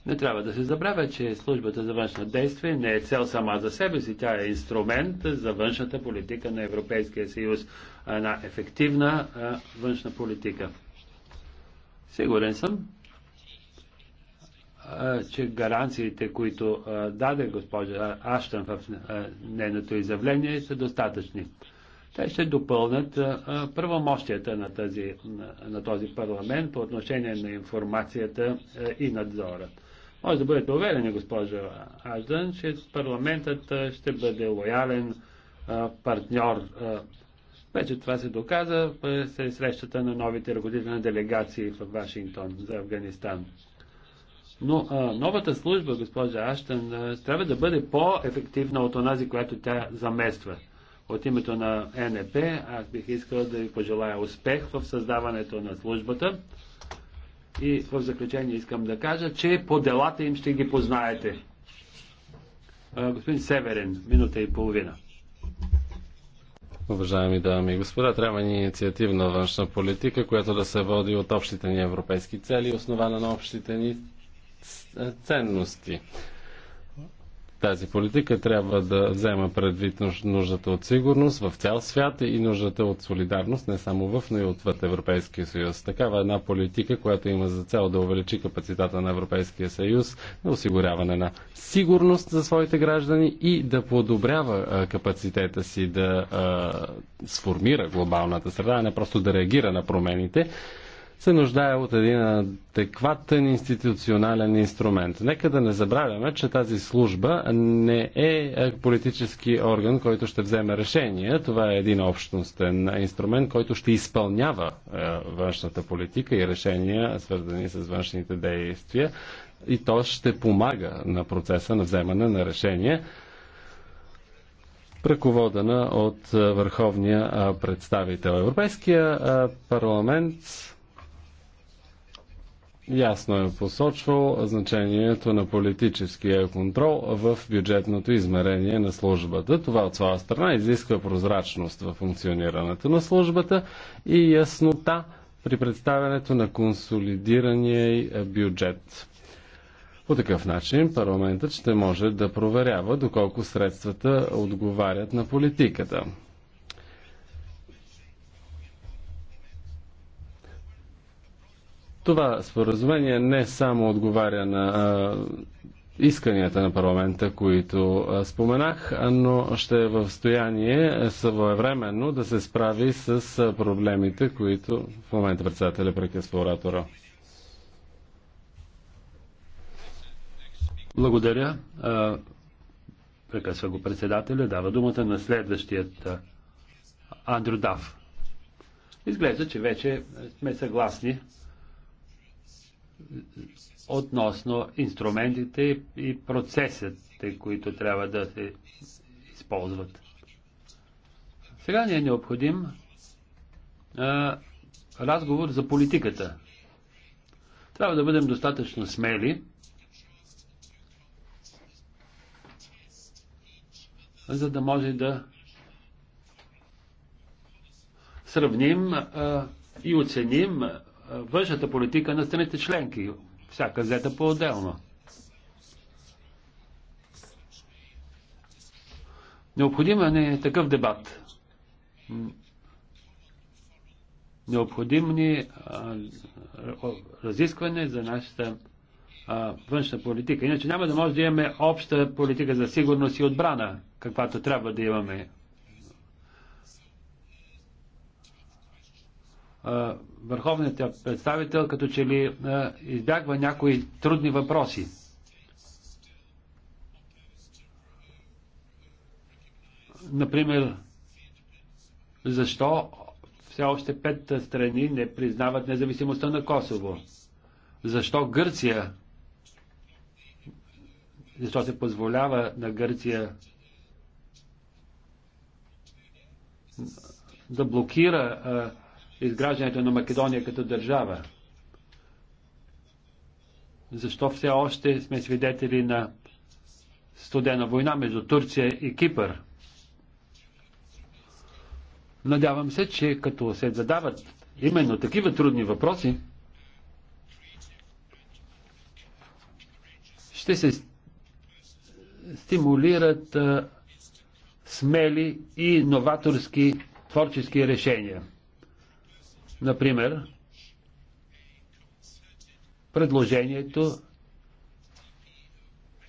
Не трябва да се забравя, че службата за външно действие не е цел сама за себе си, тя е инструмент за външната политика на Европейския съюз, една ефективна външна политика. Сигурен съм, че гаранциите, които даде госпожа Аштън в нейното изявление, са достатъчни. Те ще допълнат правомощията на, тази, на този парламент по отношение на информацията и надзора. Може да бъдете уверени, госпожо Аждан, че парламентът ще бъде лоялен партньор вече това се доказа при е, срещата на новите ръководители на делегации в Вашингтон за Афганистан. Но а, новата служба, госпожа Аштън, а, трябва да бъде по-ефективна от онази, която тя замества. От името на НП аз бих искал да ви пожелая успех в създаването на службата. И в заключение искам да кажа, че по делата им ще ги познаете. А, господин Северен, минута и половина. Уважаеми дами и господа, трябва ни инициативна външна политика, която да се води от общите ни европейски цели, основана на общите ни е, ценности. Тази политика трябва да взема предвид нуждата от сигурност в цял свят и нуждата от солидарност не само в, но и отвъд Европейския съюз. Такава е една политика, която има за цел да увеличи капацитета на Европейския съюз на осигуряване на сигурност за своите граждани и да подобрява капацитета си да а, сформира глобалната среда, а не просто да реагира на промените се нуждае от един адекватен институционален инструмент. Нека да не забравяме, че тази служба не е политически орган, който ще вземе решение. Това е един общностен инструмент, който ще изпълнява е, външната политика и решения, свързани с външните действия. И то ще помага на процеса на вземане на решения ръководена от е, върховния е, представител. Европейския парламент ясно е посочвал значението на политическия контрол в бюджетното измерение на службата. Това от своя страна изисква прозрачност в функционирането на службата и яснота при представянето на консолидирания бюджет. По такъв начин парламентът ще може да проверява доколко средствата отговарят на политиката. Това споразумение не само отговаря на исканията на парламента, които споменах, но ще е в стояние своевременно да се справи с проблемите, които в момента председателя прекъсва оратора. Благодаря. прекъсва го председателя. Дава думата на следващият Андрю Дав. Изглежда, че вече сме съгласни относно инструментите и процесите, които трябва да се използват. Сега ни е необходим а, разговор за политиката. Трябва да бъдем достатъчно смели, за да може да сравним а, и оценим външната политика на страните членки, всяка взета по-отделно. Необходим е такъв дебат. Необходим ни разискване за нашата външна политика. Иначе няма да може да имаме обща политика за сигурност и отбрана, каквато трябва да имаме върховният представител като че ли е, избягва някои трудни въпроси. Например, защо все още пет страни не признават независимостта на Косово? Защо Гърция? Защо се позволява на Гърция да блокира е, изграждането на Македония като държава? Защо все още сме свидетели на студена война между Турция и Кипър? Надявам се, че като се задават именно такива трудни въпроси, ще се стимулират смели и новаторски творчески решения. Например, предложението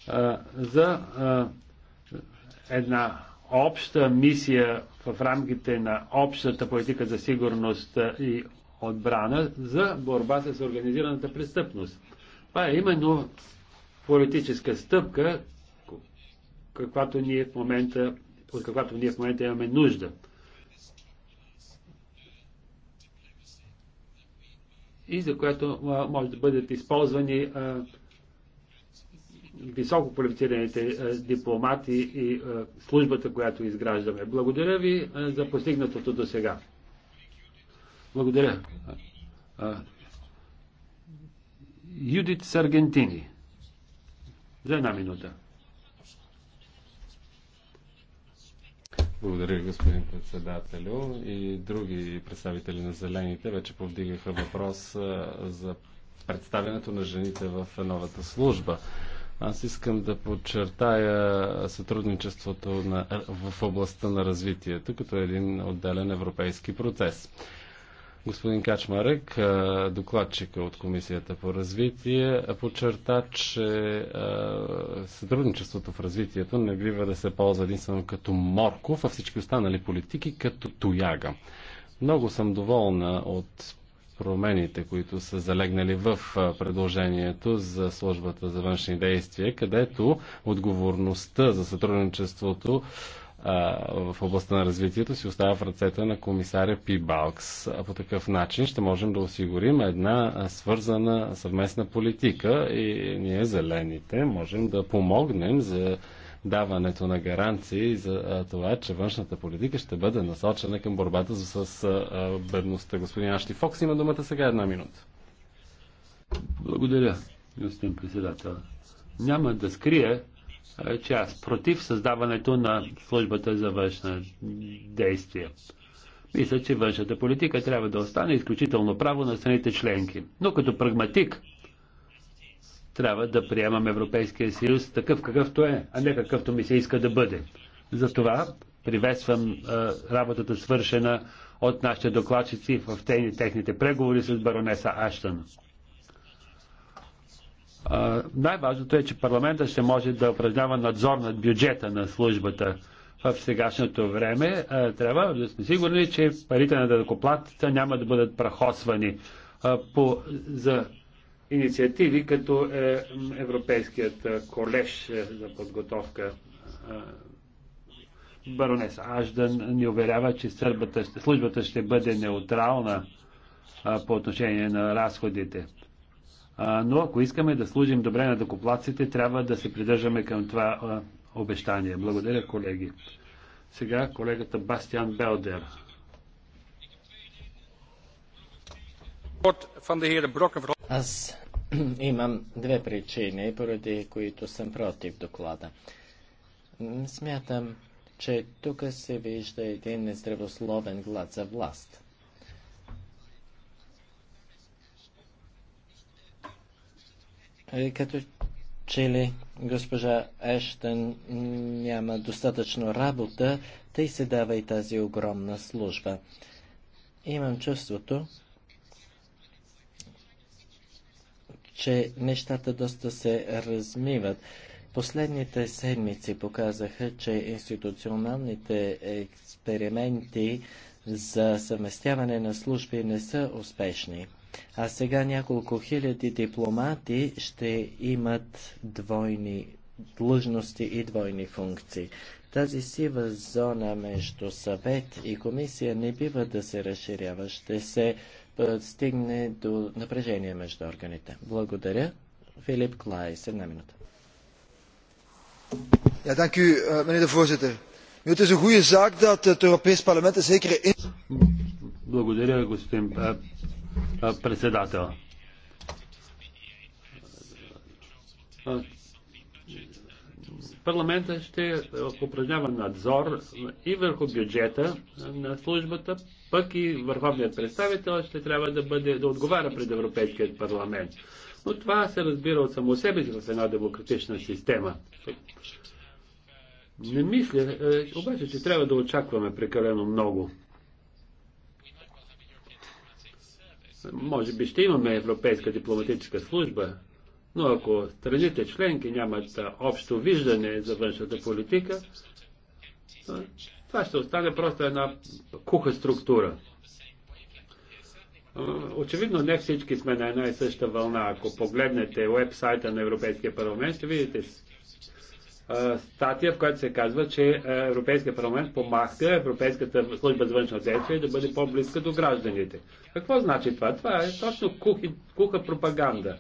а, за а, една обща мисия в рамките на общата политика за сигурност и отбрана за борба с организираната престъпност. Това е именно политическа стъпка, каквато ние в момента, от каквато ние в момента имаме нужда. и за което може да бъдат използвани високо квалифицираните дипломати и службата, която изграждаме. Благодаря ви за постигнатото до сега. Благодаря. Юдит Саргентини. За една минута. Благодаря, господин председателю. И други представители на Зелените вече повдигаха въпрос за представянето на жените в новата служба. Аз искам да подчертая сътрудничеството на, в областта на развитието като един отделен европейски процес. Господин Качмарек, докладчика е от Комисията по развитие, подчерта, че сътрудничеството в развитието не бива да се ползва единствено като морков, а всички останали политики като тояга. Много съм доволна от промените, които са залегнали в предложението за службата за външни действия, където отговорността за сътрудничеството в областта на развитието си остава в ръцете на комисаря Пи Балкс. По такъв начин ще можем да осигурим една свързана съвместна политика и ние, зелените, можем да помогнем за даването на гаранции за това, че външната политика ще бъде насочена към борбата с бедността. Господин Ашти Фокс има думата сега една минута. Благодаря, господин председател. Няма да скрие. Е, че аз против създаването на службата за външна действие. Мисля, че външната политика трябва да остане изключително право на страните членки. Но като прагматик трябва да приемам Европейския съюз такъв какъвто е, а не какъвто ми се иска да бъде. Затова приветствам е, работата свършена от нашите докладчици в техните преговори с баронеса Аштън. Най-важното е, че парламента ще може да упражнява надзор над бюджета на службата. В сегашното време трябва да сме сигурни, че парите на дъдокоплатца няма да бъдат прахосвани по, за инициативи като е, Европейският колеж за подготовка. Баронес Аждан ни уверява, че сърбата, службата ще бъде неутрална по отношение на разходите но ако искаме да служим добре на докоплаците, трябва да се придържаме към това обещание. Благодаря, колеги. Сега колегата Бастиан Белдер. Аз имам две причини, поради които съм против доклада. Смятам, че тук се вижда един нездравословен глад за власт. Е, като че ли госпожа Ештън няма достатъчно работа, тъй се дава и тази огромна служба. Имам чувството, че нещата доста се размиват. Последните седмици показаха, че институционалните експерименти за съвместяване на служби не са успешни. А сега няколко хиляди дипломати ще имат двойни длъжности и двойни функции. Тази сива зона между съвет и комисия не бива да се разширява. Ще се стигне до напрежение между органите. Благодаря. Филип Клай, една минута. Ja, dank u, eh, meneer de voorzitter. Nu, het is een goede zaak dat het Europees Parlement een zekere... Благодаря, господин председател. Парламента ще упражнява надзор и върху бюджета на службата, пък и върховният представител ще трябва да, бъде, да отговаря пред Европейският парламент. Но това се разбира от само себе си в една демократична система. Не мисля, е, обаче, че трябва да очакваме прекалено много. Може би ще имаме Европейска дипломатическа служба, но ако страните членки нямат общо виждане за външната политика, това ще остане просто една куха структура. Очевидно не всички сме на една и съща вълна. Ако погледнете веб-сайта на Европейския парламент, ще видите статия, в която се казва, че Европейския парламент помага Европейската служба за външно действие да бъде по-близка до гражданите. Какво значи това? Това е точно кухи, куха пропаганда,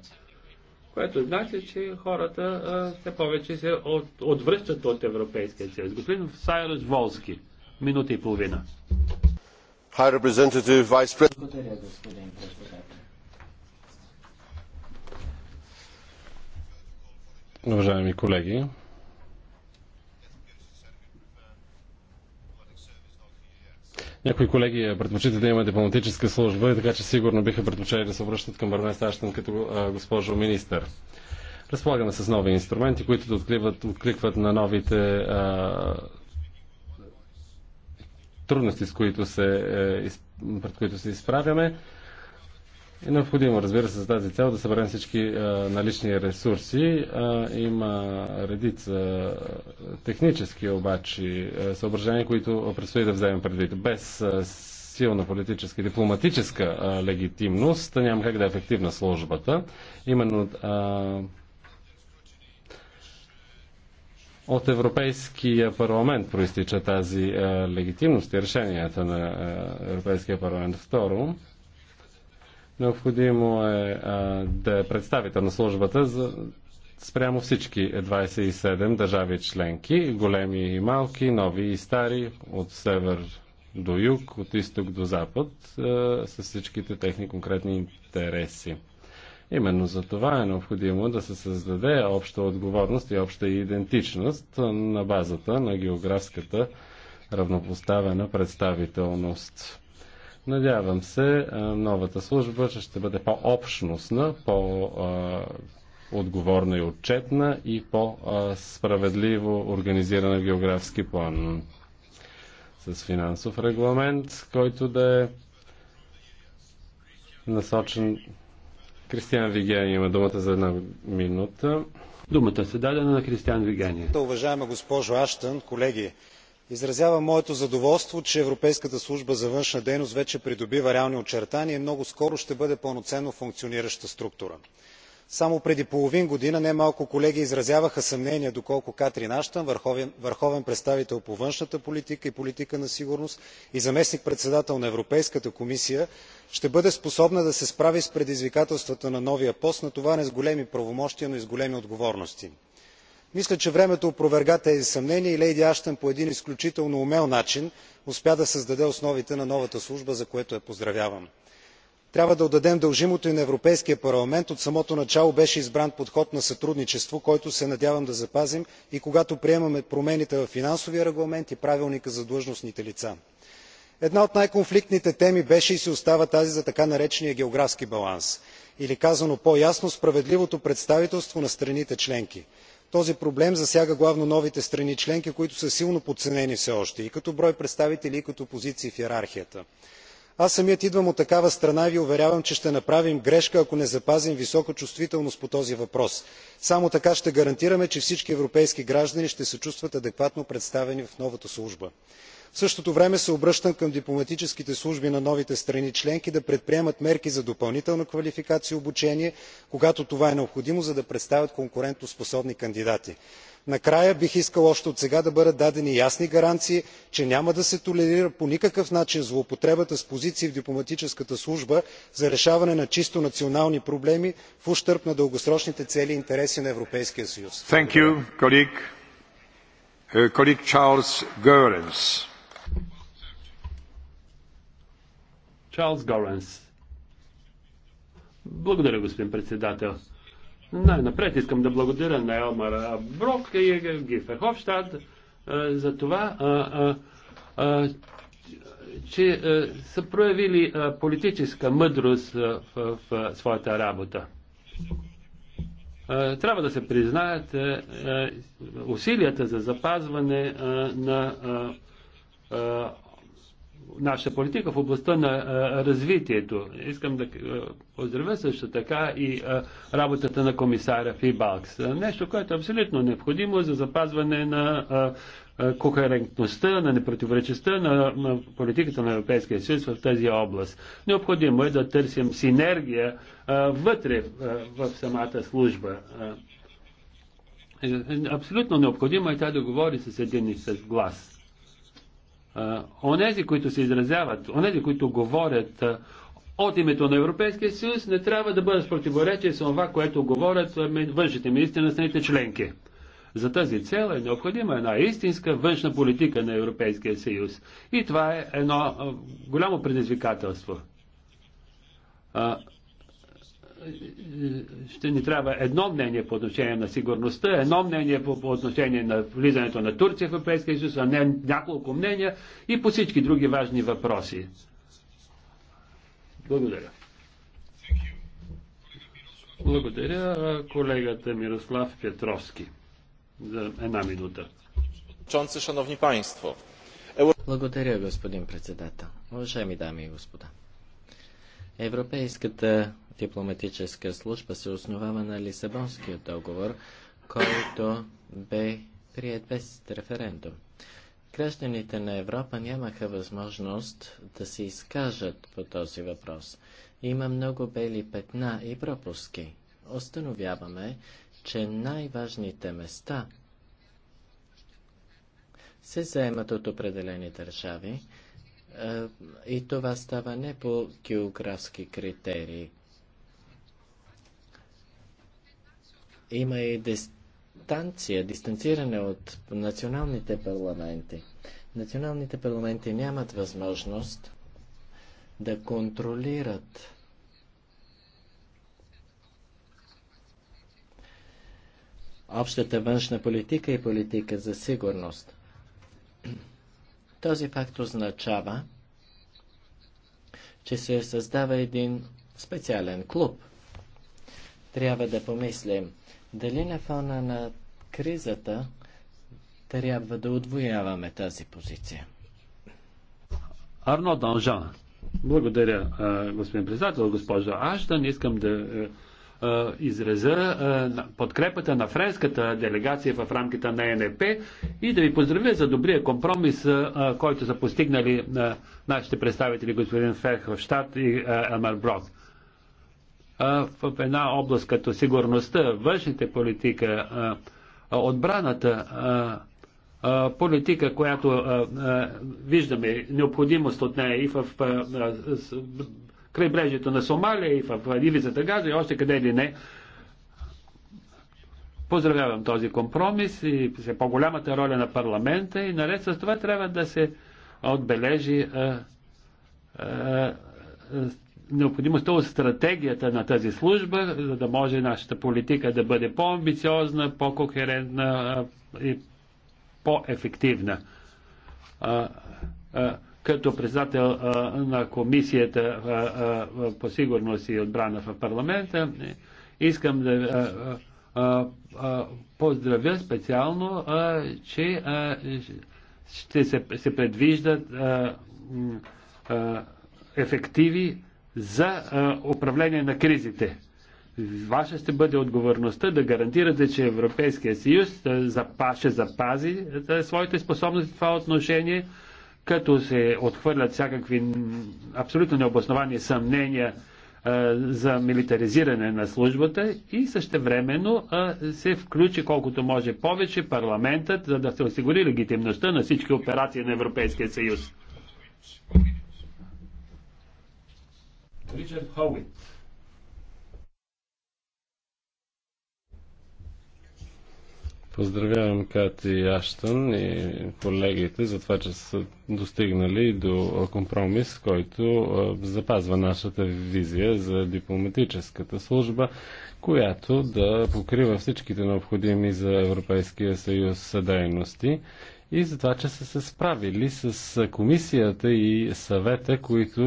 което значи, че хората все повече се от, отвръщат от Европейския съюз. Господин Сайрус Волски, минута и половина. Благодаря, господин Уважаеми колеги, Някои колеги предпочитат да има дипломатическа служба, така че сигурно биха предпочели да се обръщат към Бърнес Аштън като а, госпожо министър. Разполагаме с нови инструменти, които да откликват, откликват на новите а, трудности, с които се, е, пред които се изправяме е необходимо, разбира се, за тази цел да съберем всички а, налични ресурси. А, има редица технически обаче съображения, които предстои да вземем предвид. Без а, силна политическа и дипломатическа а, легитимност няма как да е ефективна службата. Именно а, от Европейския парламент проистича тази а, легитимност и решенията на а, Европейския парламент. Второ, Необходимо е а, да е представител на службата за спрямо всички 27 държави членки, големи и малки, нови и стари, от север до юг, от изток до запад, а, с всичките техни конкретни интереси. Именно за това е необходимо да се създаде обща отговорност и обща идентичност на базата на географската равнопоставена представителност. Надявам се, новата служба ще бъде по-общностна, по-отговорна и отчетна и по-справедливо организирана в географски план. С финансов регламент, който да е насочен. Кристиан Вигени има думата за една минута. Думата се даде на Кристиан Вигени. Уважаема госпожо Аштън, колеги, изразявам моето задоволство че европейската служба за външна дейност вече придобива реални очертания и много скоро ще бъде пълноценно функционираща структура. само преди половин година не малко колеги изразяваха съмнение доколко катрин аштън върховен представител по външната политика и политика на сигурност и заместник председател на европейската комисия ще бъде способна да се справи с предизвикателствата на новия пост натоварен с големи правомощия но и с големи отговорности мисля че времето опроверга тези съмнения и лейди аштън по един изключително умел начин успя да създаде основите на новата служба за което я поздравявам. трябва да отдадем дължимото и на европейския парламент от самото начало беше избран подход на сътрудничество който се надявам да запазим и когато приемаме промените във финансовия регламент и правилника за длъжностните лица. една от най конфликтните теми беше и си остава тази за така наречения географски баланс или казано по ясно справедливото представителство на страните членки този проблем засяга главно новите страни членки които са силно подценени все още и като брой представители и като позиции в йерархията. аз самият идвам от такава страна и ви уверявам че ще направим грешка ако не запазим висока чувствителност по този въпрос. само така ще гарантираме че всички европейски граждани ще се чувстват адекватно представени в новата служба в същото време се обръщам към дипломатическите служби на новите страни членки да предприемат мерки за допълнителна квалификация и обучение когато това е необходимо за да представят конкурентоспособни кандидати. накрая бих искал още отсега да бъдат дадени ясни гаранции че няма да се толерира по никакъв начин злоупотребата с позиции в дипломатическата служба за решаване на чисто национални проблеми в ущърб на дългосрочните цели и интереси на европейския съюз. Чарлз Горенс. Благодаря, господин председател. Най-напред искам да благодаря на Елмар Брок и Гифер Хофштад за това, че са проявили политическа мъдрост в, в своята работа. Трябва да се признаят усилията за запазване на наша политика в областта на развитието. Искам да поздравя също така и работата на комисара Фибалкс. Нещо, което е абсолютно необходимо за запазване на кохерентността, на непротиворечеста на политиката на Европейския съюз в тази област. Необходимо е да търсим синергия вътре в самата служба. Е, е, абсолютно необходимо е тя да говори с един и с глас онези, които се изразяват, онези, които говорят от името на Европейския съюз, не трябва да бъдат в противоречие с това, което говорят външните министри на страните членки. За тази цел е необходима една истинска външна политика на Европейския съюз. И това е едно голямо предизвикателство ще ни трябва едно мнение по отношение на сигурността, едно мнение по, по отношение на влизането на Турция в Европейския съюз, а не няколко мнения и по всички други важни въпроси. Благодаря. Благодаря колегата Мирослав Петровски за една минута. Шановни Благодаря, господин председател. Уважаеми дами и господа. Европейската дипломатическа служба се основава на Лисабонския договор, който бе прият без референдум. Гражданите на Европа нямаха възможност да се изкажат по този въпрос. Има много бели петна и пропуски. Остановяваме, че най-важните места се заемат от определени държави и това става не по географски критерии. Има и дистанция, дистанциране от националните парламенти. Националните парламенти нямат възможност да контролират общата външна политика и политика за сигурност. Този факт означава, че се създава един специален клуб. Трябва да помислим дали на фона на кризата трябва да отвояваме тази позиция? Арно Данжан. Благодаря, господин председател, госпожо Аштан. Искам да е, е, изреза подкрепата на френската делегация в рамките на ЕНП и да ви поздравя за добрия компромис, е, който са постигнали нашите представители господин Ферховщад и Елмар Брок в една област като сигурността, външните политика, отбраната, политика, която виждаме необходимост от нея и в крайбрежието на Сомалия, и в Ивицата Газа, и още къде ли не. Поздравявам този компромис и по-голямата роля на парламента и наред с това трябва да се отбележи необходимостта от стратегията на тази служба, за да може нашата политика да бъде по-амбициозна, по-кохерентна и по-ефективна. Като председател на комисията по сигурност и отбрана в парламента, искам да поздравя специално, че ще се, се предвиждат ефективи за управление на кризите. Ваша ще бъде отговорността да гарантирате, че Европейския съюз ще запази своите способности в това отношение, като се отхвърлят всякакви абсолютно необосновани съмнения за милитаризиране на службата и същевременно се включи колкото може повече парламентът, за да се осигури легитимността на всички операции на Европейския съюз. Ричард Хоуит. Поздравявам Кати Аштън и колегите за това, че са достигнали до компромис, който запазва нашата визия за дипломатическата служба, която да покрива всичките необходими за Европейския съюз дейности и за това, че са се справили с комисията и съвета, които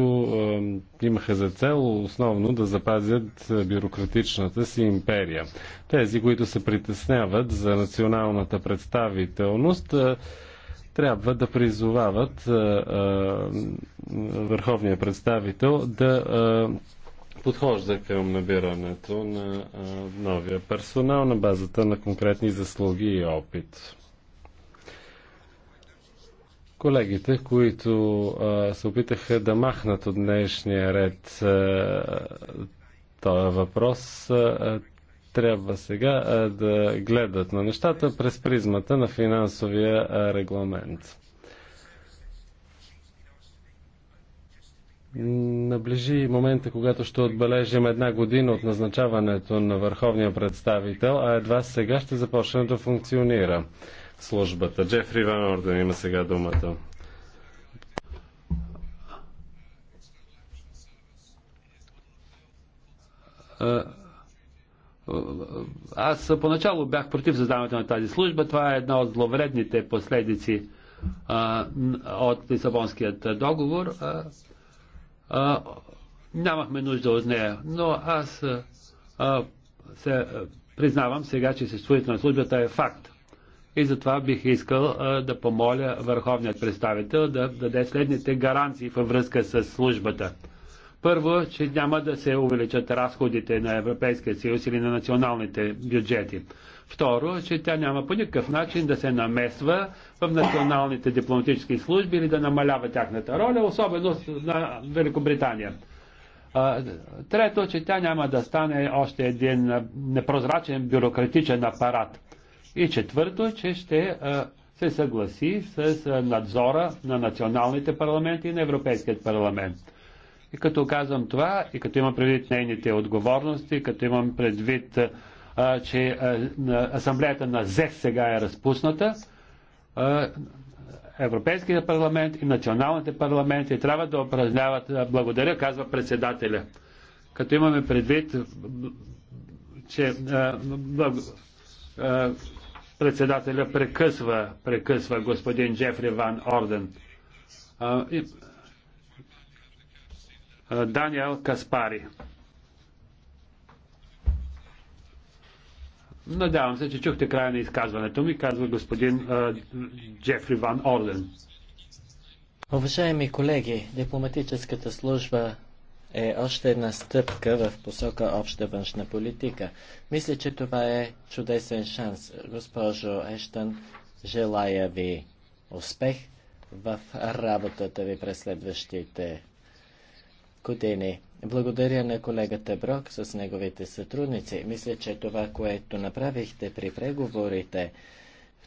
е, имаха за цел основно да запазят бюрократичната си империя. Тези, които се притесняват за националната представителност, е, трябва да призовават е, е, върховния представител да е, подхожда към набирането на е, новия персонал на базата на конкретни заслуги и опит колегите, които а, се опитаха да махнат от днешния ред а, този въпрос, а, трябва сега а, да гледат на нещата през призмата на финансовия а, регламент. Наближи момента, когато ще отбележим една година от назначаването на върховния представител, а едва сега ще започне да функционира службата. Джефри Ван Орден има сега думата. Е, е, аз поначало бях против създаването на тази служба. Това е една от зловредните последици е, от Лисабонският договор. нямахме нужда от нея. Но аз се, признавам сега, че съществуването на службата е факт. И затова бих искал да помоля върховният представител да даде следните гаранции във връзка с службата. Първо, че няма да се увеличат разходите на Европейския съюз или на националните бюджети. Второ, че тя няма по никакъв начин да се намесва в националните дипломатически служби или да намалява тяхната роля, особено на Великобритания. Трето, че тя няма да стане още един непрозрачен бюрократичен апарат. И четвърто, че ще се съгласи с надзора на националните парламенти и на Европейският парламент. И като казвам това, и като имам предвид нейните отговорности, като имам предвид, че асамблеята на ЗЕС сега е разпусната, Европейския парламент и националните парламенти трябва да упражняват, благодаря, казва председателя. Като имаме предвид, че Председателя прекъсва, прекъсва господин Джефри Ван Орден. Даниел Каспари. Надявам се, че чухте края на изказването ми, казва господин Джефри Ван Орден. Уважаеми колеги, дипломатическата служба е още една стъпка в посока обща външна политика. Мисля, че това е чудесен шанс. Госпожо Ештън, желая ви успех в работата ви през следващите години. Благодаря на колегата Брок с неговите сътрудници. Мисля, че това, което направихте при преговорите,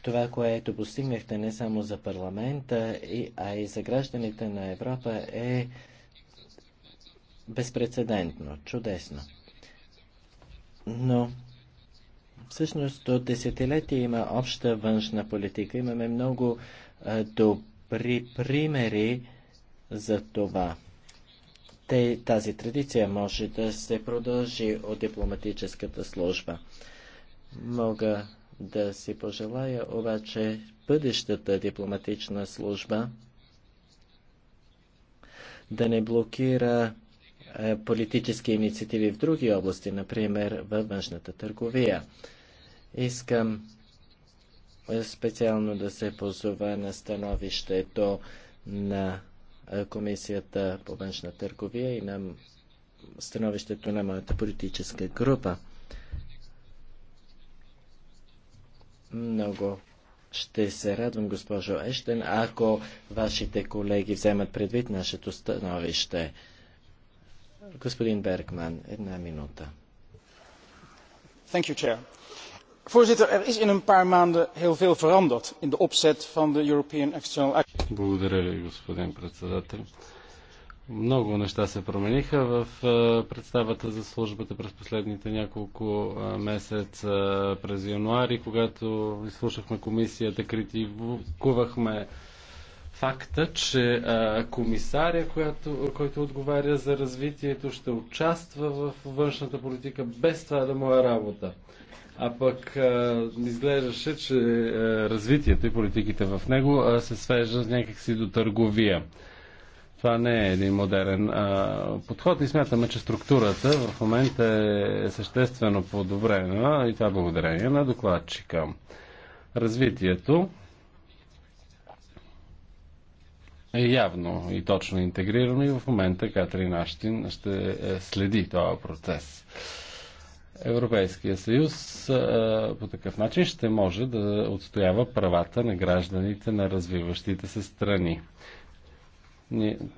това, което постигнахте не само за парламента, а и за гражданите на Европа е безпредседентно, чудесно. Но всъщност от десетилетия има обща външна политика. Имаме много е, добри примери за това. Те, тази традиция може да се продължи от дипломатическата служба. Мога да си пожелая обаче бъдещата дипломатична служба да не блокира е, политически инициативи в други области, например във външната търговия. Искам е, специално да се позова на становището на е, Комисията по външна търговия и на становището на моята политическа група. Много ще се радвам, госпожо Ещен, ако вашите колеги вземат предвид нашето становище. Господин Бергман, една минута. Thank you, Chair. Voorzitter, er is in een paar maanden heel veel veranderd in de opzet van de European External Action. Благодаря ви, господин председател. Много неща се промениха в представата за службата през последните няколко месеца през януари, когато изслушахме комисията, критикувахме факта, че а, комисаря, която, който отговаря за развитието, ще участва в външната политика, без това да му е работа. А пък а, изглеждаше, че а, развитието и политиките в него а, се с някакси до търговия. Това не е един модерен а, подход и смятаме, че структурата в момента е съществено подобрена и това благодарение на докладчика. Развитието е явно и точно интегрирано и в момента Катрин Аштин ще е, следи този процес. Европейския съюз е, по такъв начин ще може да отстоява правата на гражданите на развиващите се страни.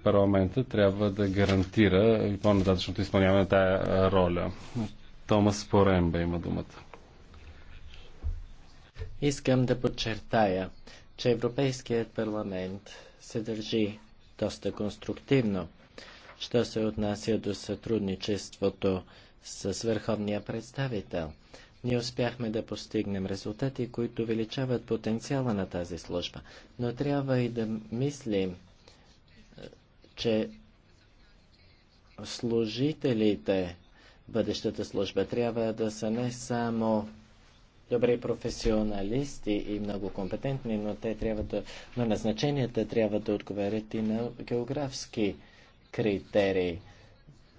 парламента трябва да гарантира и по-нататъчното изпълняване на тая е, роля. Томас Поремба има думата. Искам да подчертая, че Европейският парламент се държи доста конструктивно. Що се отнася до сътрудничеството с върховния представител, ние успяхме да постигнем резултати, които увеличават потенциала на тази служба. Но трябва и да мислим, че служителите, бъдещата служба, трябва да са не само добри професионалисти и много компетентни, но те трябва да, но назначенията трябва да отговарят и на географски критерии.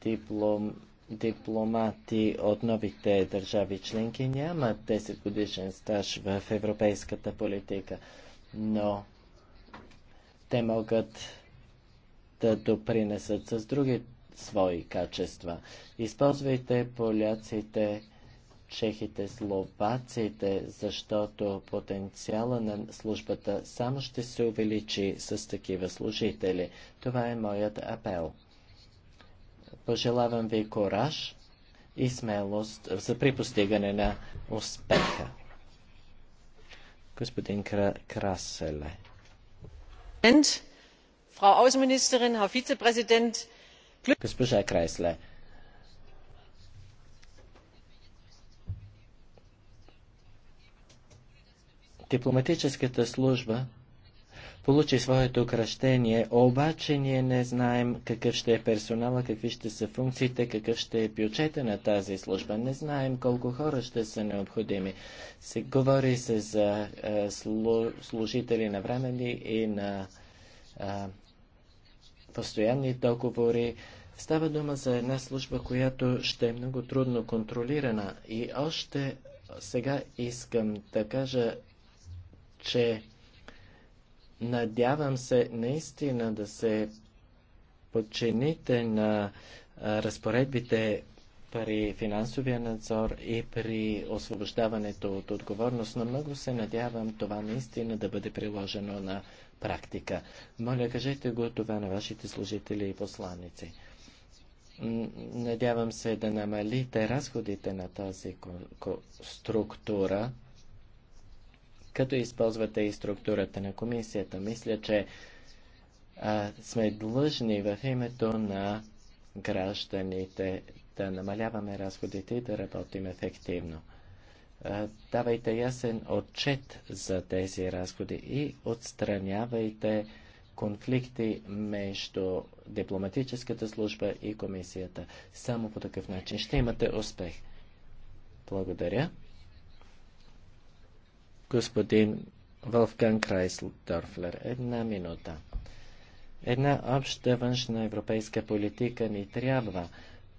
Диплом, дипломати от новите държави членки нямат 10 годишен стаж в европейската политика, но те могат да допринесат с други свои качества. Използвайте поляците чехите, словаците, защото потенциала на службата само ще се увеличи с такива служители. Това е моят апел. Пожелавам ви кораж и смелост за припостигане на успеха. Господин Кра Краселе. Госпожа Крайсле, Дипломатическата служба получи своето кръщение, обаче ние не знаем какъв ще е персонала, какви ще са функциите, какъв ще е бюджета на тази служба. Не знаем колко хора ще са необходими. Се, говори се за е, слу, служители на времени и на е, постоянни договори. Става дума за една служба, която ще е много трудно контролирана. И още сега искам да кажа че надявам се наистина да се подчините на разпоредбите при финансовия надзор и при освобождаването от отговорност, но много се надявам това наистина да бъде приложено на практика. Моля, кажете го това на вашите служители и посланици. Надявам се да намалите разходите на тази структура като използвате и структурата на комисията. Мисля, че а, сме длъжни в името на гражданите да намаляваме разходите и да работим ефективно. А, давайте ясен отчет за тези разходи и отстранявайте конфликти между дипломатическата служба и комисията. Само по такъв начин ще имате успех. Благодаря господин Волфган Крайслдорфлер. Една минута. Една обща външна европейска политика ни трябва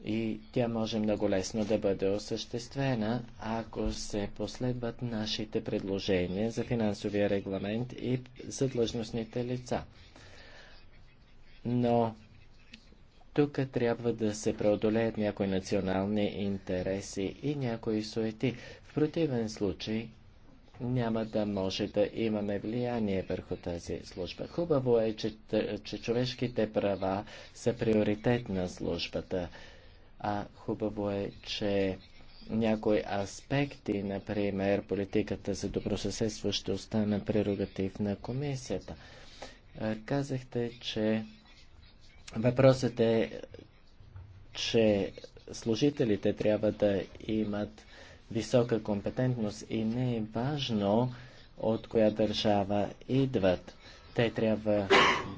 и тя може много лесно да бъде осъществена, ако се последват нашите предложения за финансовия регламент и за длъжностните лица. Но тук трябва да се преодолеят някои национални интереси и някои суети. В противен случай няма да може да имаме влияние върху тази служба. Хубаво е, че, че човешките права са приоритет на службата, а хубаво е, че някои аспекти, например политиката за добросъседство, ще остане прерогатив на комисията. Казахте, че въпросът е, че служителите трябва да имат висока компетентност и не е важно от коя държава идват. Те трябва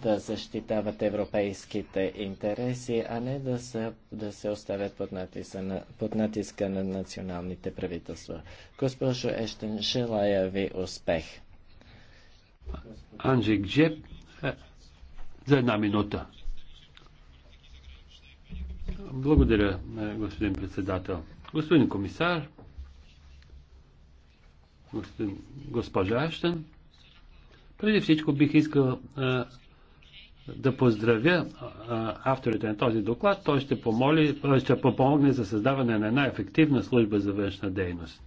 да защитават европейските интереси, а не да, са, да се оставят под натиска, на, под натиска на националните правителства. Госпожо Ещен, желая ви успех. Анжи Гжеп, е, за една минута. Благодаря, е, господин председател. Господин комисар, госпожа Аштън. Преди всичко бих искал да поздравя авторите на този доклад. Той ще, помоли, ще помогне за създаване на една ефективна служба за външна дейност.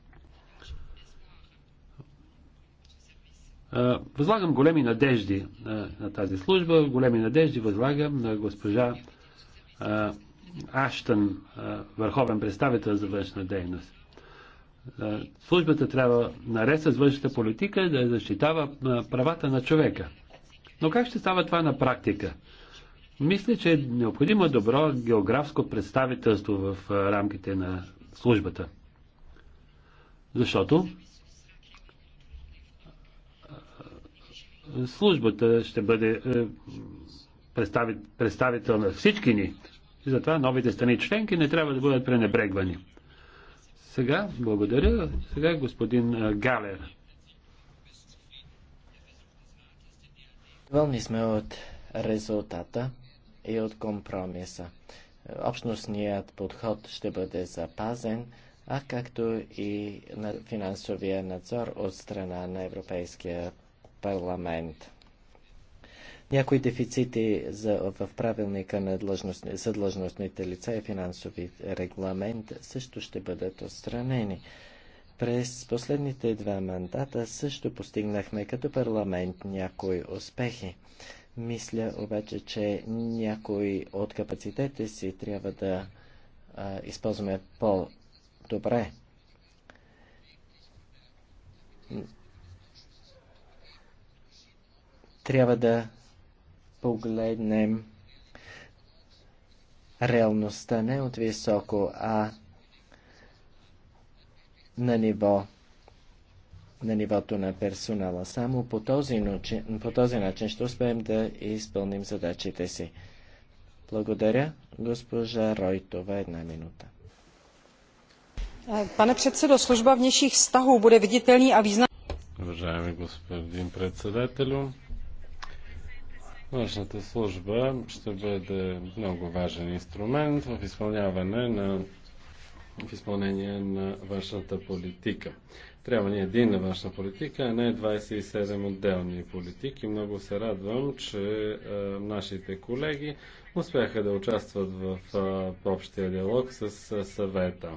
Възлагам големи надежди на, тази служба, големи надежди възлагам на госпожа Аштън, върховен представител за външна дейност. Е, службата трябва, наред с външната политика, да защитава е, правата на човека. Но как ще става това на практика? Мисля, че е необходимо добро географско представителство в е, рамките на службата. Защото службата ще бъде представител на всички ни. И затова новите страни членки не трябва да бъдат пренебрегвани. Сега, благодаря. Сега е господин Галер. Вълни сме от резултата и от компромиса. Общностният подход ще бъде запазен, а както и на финансовия надзор от страна на Европейския парламент някои дефицити за, в правилника на длъжностни, за длъжностните лица и финансови регламент също ще бъдат отстранени. През последните два мандата също постигнахме като парламент някои успехи. Мисля обаче, че някои от капацитетите си трябва да а, използваме по-добре. Трябва да погледнем реалността не от високо, а на ниво на нивото на персонала. Само по този, начин, по този начин ще успеем да изпълним задачите си. Благодаря, госпожа Ройтова, една минута. Пане председо, служба внешних стахов буде видителни а визна... Уважаеми господин председателю, Външната служба ще бъде много важен инструмент в изпълняване на в изпълнение на външната политика. Трябва ни единна външна политика, а не 27 отделни политики. Много се радвам, че а, нашите колеги успяха да участват в а, общия диалог с а, съвета.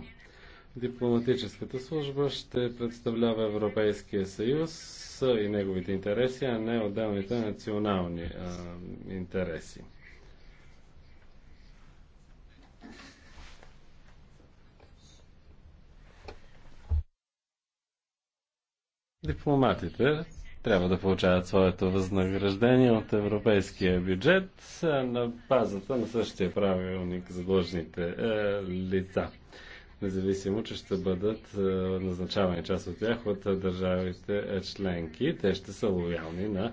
Дипломатическата служба ще представлява Европейския съюз и неговите интереси, а не отделните национални а, интереси. Дипломатите трябва да получават своето възнаграждение от европейския бюджет на базата на същия правилник за длъжните е, лица независимо, че ще бъдат е, назначавани част от тях от е, държавите е, членки. Те ще са лоялни на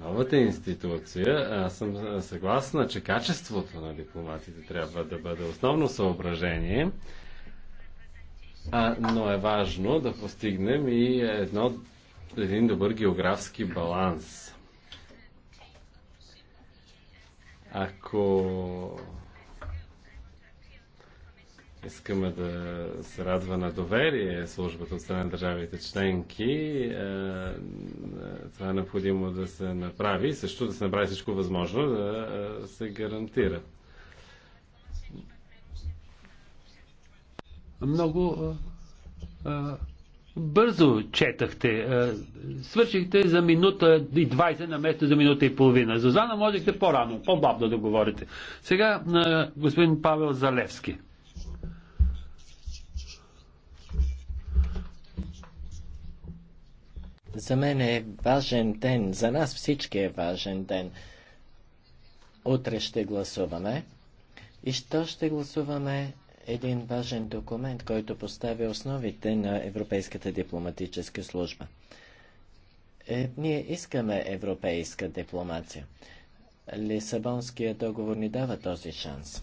новата институция. Аз съм съгласна, че качеството на дипломатите трябва да бъде основно съображение. А, но е важно да постигнем и едно, един добър географски баланс. Ако Искаме да се радва на доверие службата от страна на държавите членки. Е, е, това е необходимо да се направи и също да се направи всичко възможно да е, се гарантира. Много бързо четахте. Свършихте за минута и 20 на место за минута и половина. За Зана можехте по-рано, по-бавно да говорите. Сега господин Павел Залевски. За мен е важен ден, за нас всички е важен ден. Утре ще гласуваме и що ще гласуваме един важен документ, който поставя основите на Европейската дипломатическа служба. Е, ние искаме европейска дипломация. Лисабонския договор ни дава този шанс.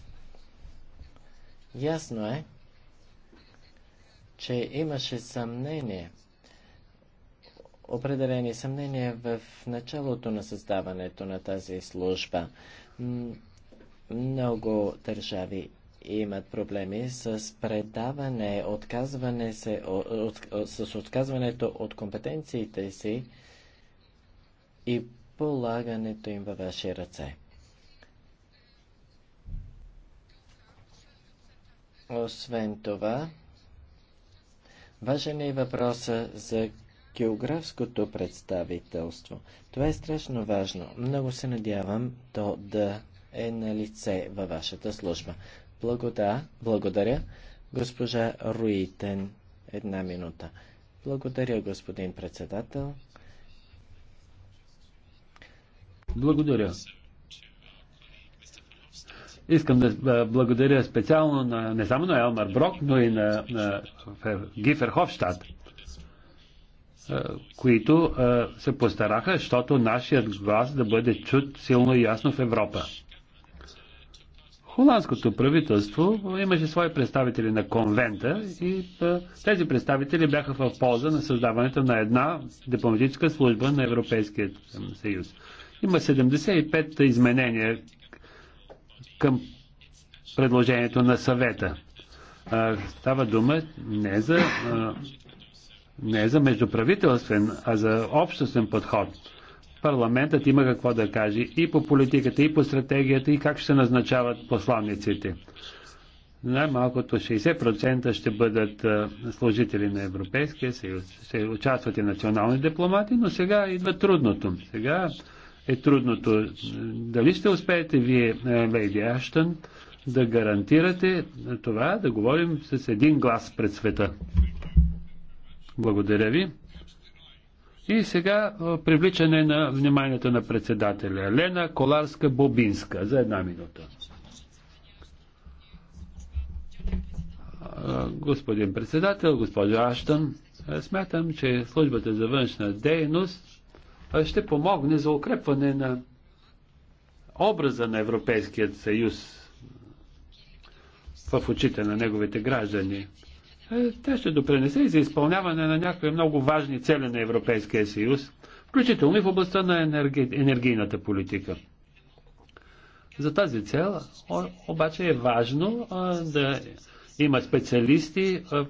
Ясно е, че имаше съмнение – определени съмнения в началото на създаването на тази служба. Много държави имат проблеми с предаване, отказване се, от, от, с отказването от компетенциите си и полагането им във ваши ръце. Освен това, важен е и въпроса за географското представителство. Това е страшно важно. Много се надявам то да е на лице във вашата служба. Благодаря, благодаря госпожа Руитен. Една минута. Благодаря, господин председател. Благодаря. Искам да благодаря специално на, не само на Елмар Брок, но и на, на Гифер Хофштадт които се постараха, защото нашият глас да бъде чут силно и ясно в Европа. Холандското правителство имаше свои представители на конвента и тези представители бяха в полза на създаването на една дипломатическа служба на Европейския съюз. Има 75 изменения към предложението на съвета. Става дума не за не за междуправителствен, а за обществен подход. Парламентът има какво да каже и по политиката, и по стратегията, и как ще се назначават посланниците. Най-малкото 60% ще бъдат служители на Европейския съюз. Ще участват и национални дипломати, но сега идва трудното. Сега е трудното. Дали ще успеете вие, Лейди Аштън, да гарантирате това, да говорим с един глас пред света? Благодаря ви. И сега привличане на вниманието на председателя. Лена Коларска-Бобинска за една минута. Господин председател, госпожо Аштън, смятам, че службата за външна дейност ще помогне за укрепване на образа на Европейският съюз в очите на неговите граждани. Е, тя ще допренесе и за изпълняване на някои много важни цели на Европейския съюз, включително и в областта на енерги... енергийната политика. За тази цел обаче е важно а, да има специалисти а,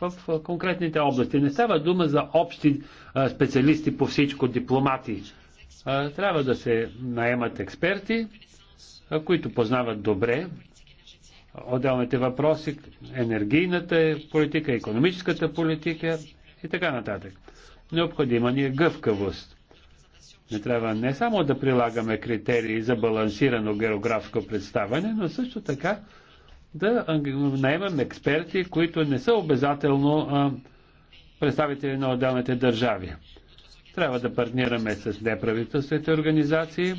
в, в конкретните области. Не става дума за общи а, специалисти по всичко, дипломати. А, трябва да се наемат експерти, а, които познават добре отделните въпроси, енергийната политика, економическата политика и така нататък. Необходима ни е гъвкавост. Не трябва не само да прилагаме критерии за балансирано географско представяне, но също така да наемам експерти, които не са обязателно а, представители на отделните държави. Трябва да партнираме с неправителствените организации,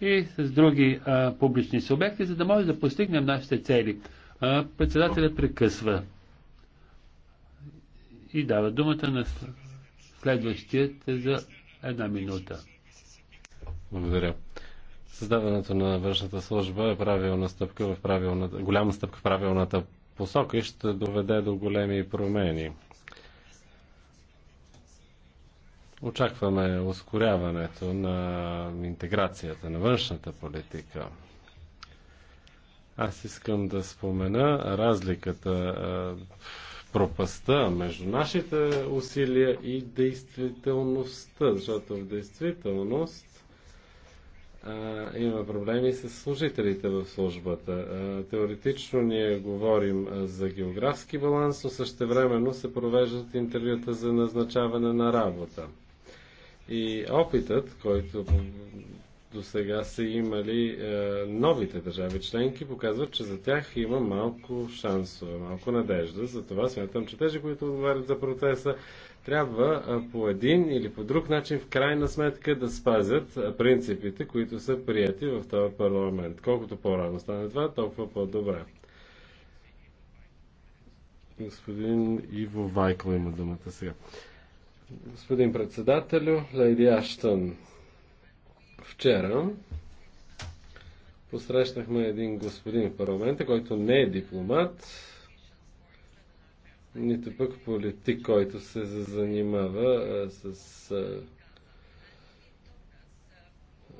и с други а, публични субекти, за да може да постигнем нашите цели. А, председателят прекъсва и дава думата на следващият за една минута. Благодаря. Създаването на външната служба е правилна стъпка в правилната, голяма стъпка в правилната посока и ще доведе до големи промени. Очакваме ускоряването на интеграцията на външната политика. Аз искам да спомена разликата, пропаста между нашите усилия и действителността, защото в действителност а, има проблеми с служителите в службата. А, теоретично ние говорим за географски баланс, но същевременно се провеждат интервюта за назначаване на работа. И опитът, който до сега са имали е, новите държави членки, показват, че за тях има малко шансове, малко надежда. Затова смятам, че тези, които отговарят за процеса, трябва е, по един или по друг начин в крайна сметка да спазят е, принципите, които са прияти в този парламент. Колкото по-рано стане това, толкова по-добре. Господин Иво Вайкл има думата сега. Господин председателю, Лейди Аштън, вчера посрещнахме един господин в парламента, който не е дипломат, нито пък политик, който се занимава с а,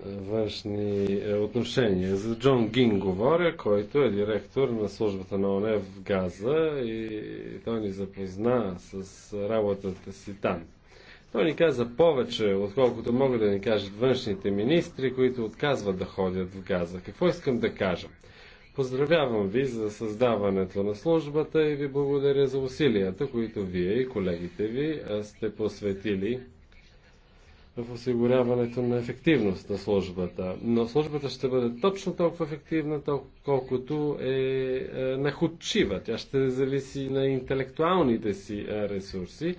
външни е, отношения. За Джон Гин говоря, който е директор на службата на ОНЕ в Газа и той ни запозна с работата си там. Той ни каза повече, отколкото могат да ни кажат външните министри, които отказват да ходят в Газа. Какво искам да кажа? Поздравявам ви за създаването на службата и ви благодаря за усилията, които вие и колегите ви сте посветили в осигуряването на ефективност на службата. Но службата ще бъде точно толкова ефективна, колкото е, е находчива. Тя ще зависи на интелектуалните си ресурси,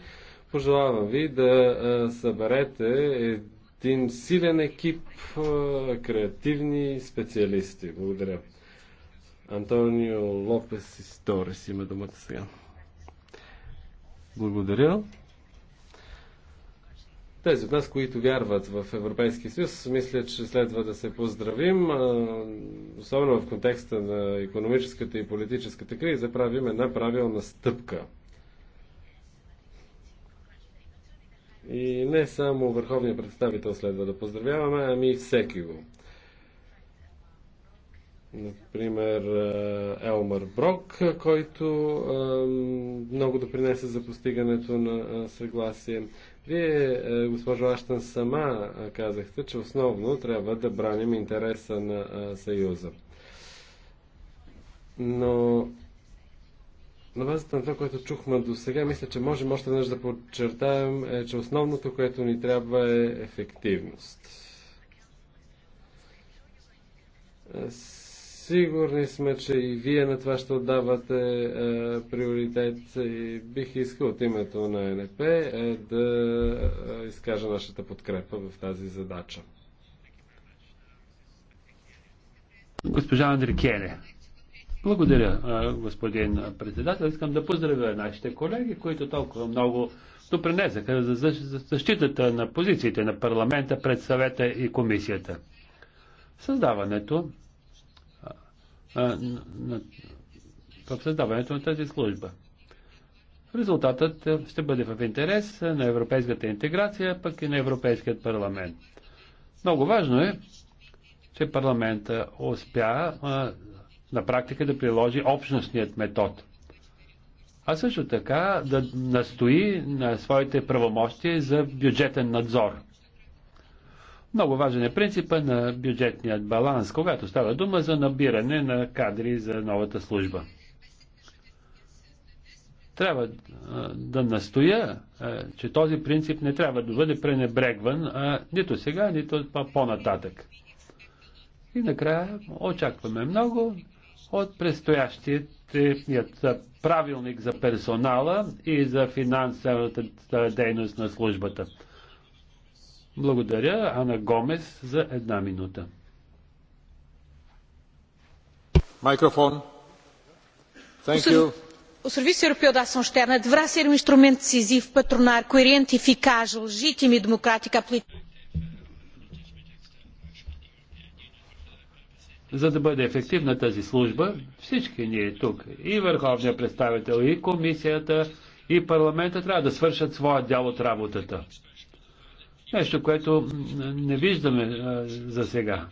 Пожелавам ви да съберете един силен екип креативни специалисти. Благодаря. Антонио Лопес и Сторес има думата сега. Благодаря. Тези от нас, които вярват в Европейския съюз, мисля, че следва да се поздравим, особено в контекста на економическата и политическата криза, правим една правилна стъпка – И не само върховния представител следва да поздравяваме, ами всеки го. Например, Елмар Брок, който много допринесе за постигането на съгласие. Вие, госпожо Аштан, сама казахте, че основно трябва да браним интереса на Съюза. Но на базата на това, което чухме до сега, мисля, че можем още веднъж да подчертаем, е, че основното, което ни трябва е ефективност. Е, сигурни сме, че и вие на това ще отдавате е, приоритет и бих искал от името на е НП е, да е, изкажа нашата подкрепа в тази задача. Госпожа Андрикеле. Благодаря, господин председател. Искам да поздравя нашите колеги, които толкова много допринесаха за защитата на позициите на парламента пред съвета и комисията. Създаването в създаването на тази служба. Резултатът ще бъде в интерес на европейската интеграция, пък и на Европейският парламент. Много важно е, че парламента успя на практика да приложи общностният метод. А също така да настои на своите правомощия за бюджетен надзор. Много важен е принципа на бюджетният баланс, когато става дума за набиране на кадри за новата служба. Трябва да настоя, че този принцип не трябва да бъде пренебрегван нито сега, нито по-нататък. И накрая очакваме много от предстоящият правилник за персонала и за финансовата дейност на службата. Благодаря, Ана Гомес, за една минута. Microfone. Thank you. O Serviço Europeu de Ação Externa deverá ser um instrumento decisivo para tornar coerente, eficaz, legítima e democrática a política. За да бъде ефективна тази служба, всички ние тук, и върховния представител, и комисията, и парламента трябва да свършат своя дял от работата. Нещо, което не виждаме а, за сега.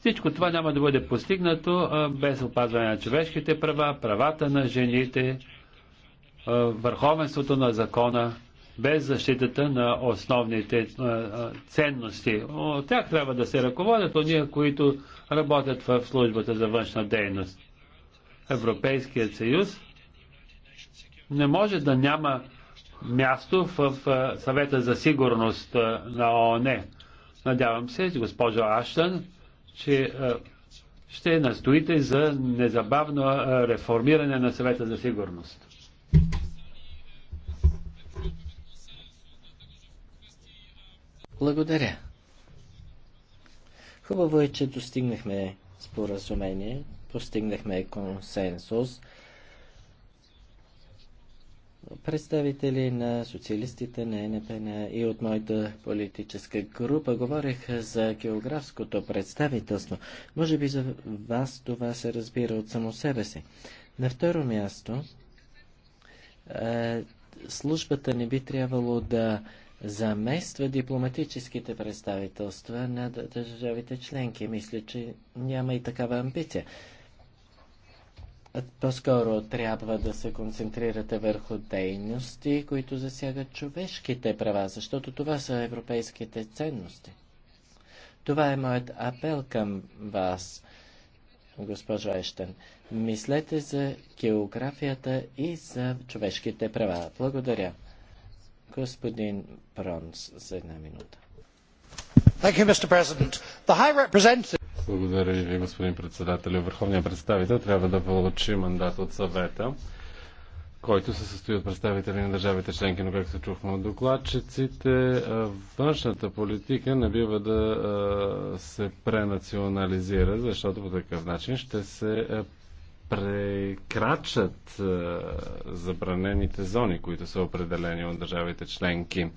Всичко това няма да бъде постигнато а, без опазване на човешките права, правата на жените, а, върховенството на закона без защитата на основните ценности. От тях трябва да се ръководят от които работят в службата за външна дейност. Европейският съюз не може да няма място в съвета за сигурност на ООН. Надявам се, госпожо Аштън, че ще настоите за незабавно реформиране на съвета за сигурност. Благодаря. Хубаво е, че достигнахме споразумение, постигнахме консенсус. Представители на социалистите на НП и от моята политическа група говореха за географското представителство. Може би за вас това се разбира от само себе си. На второ място, е, службата не би трябвало да замества дипломатическите представителства на държавите членки. Мисля, че няма и такава амбиция. По-скоро трябва да се концентрирате върху дейности, които засягат човешките права, защото това са европейските ценности. Това е моят апел към вас, госпожо Ещен. Мислете за географията и за човешките права. Благодаря. Господин Бронс, за една минута. Благодаря ви, господин председател. Върховният представител трябва да получи мандат от съвета, който се състои от представители на държавите членки, но както чухме от докладчиците, външната политика не бива да се пренационализира, защото по такъв начин ще се прекрачат е, забранените зони, които са определени от държавите членки.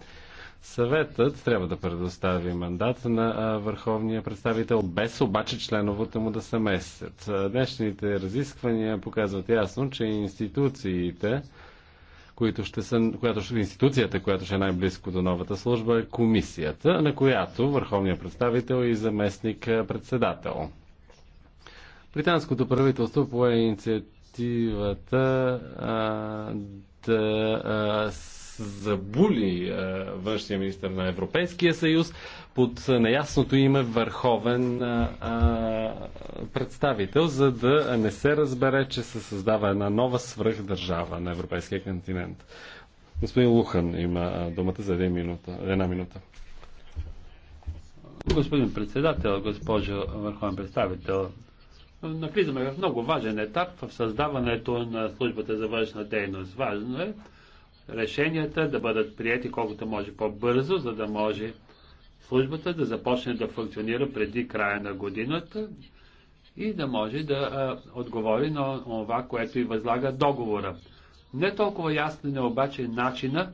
Съветът трябва да предостави мандат на е, върховния представител, без обаче членовете му да се месят. Е, днешните разисквания показват ясно, че институциите, които ще са, която, институцията, която ще е най-близко до новата служба е комисията, на която върховният представител и заместник председател. Британското правителство пое инициативата а, да а, забули а, външния министр на Европейския съюз под неясното име върховен а, представител, за да не се разбере, че се създава една нова свръхдържава на европейския континент. Господин Лухан има думата за една минута. Една минута. Господин председател, госпожо върховен представител, навлизаме в много важен етап в създаването на службата за външна дейност. Важно е решенията да бъдат прияти колкото може по-бързо, за да може службата да започне да функционира преди края на годината и да може да а, отговори на това, което и възлага договора. Не толкова ясен е обаче начина,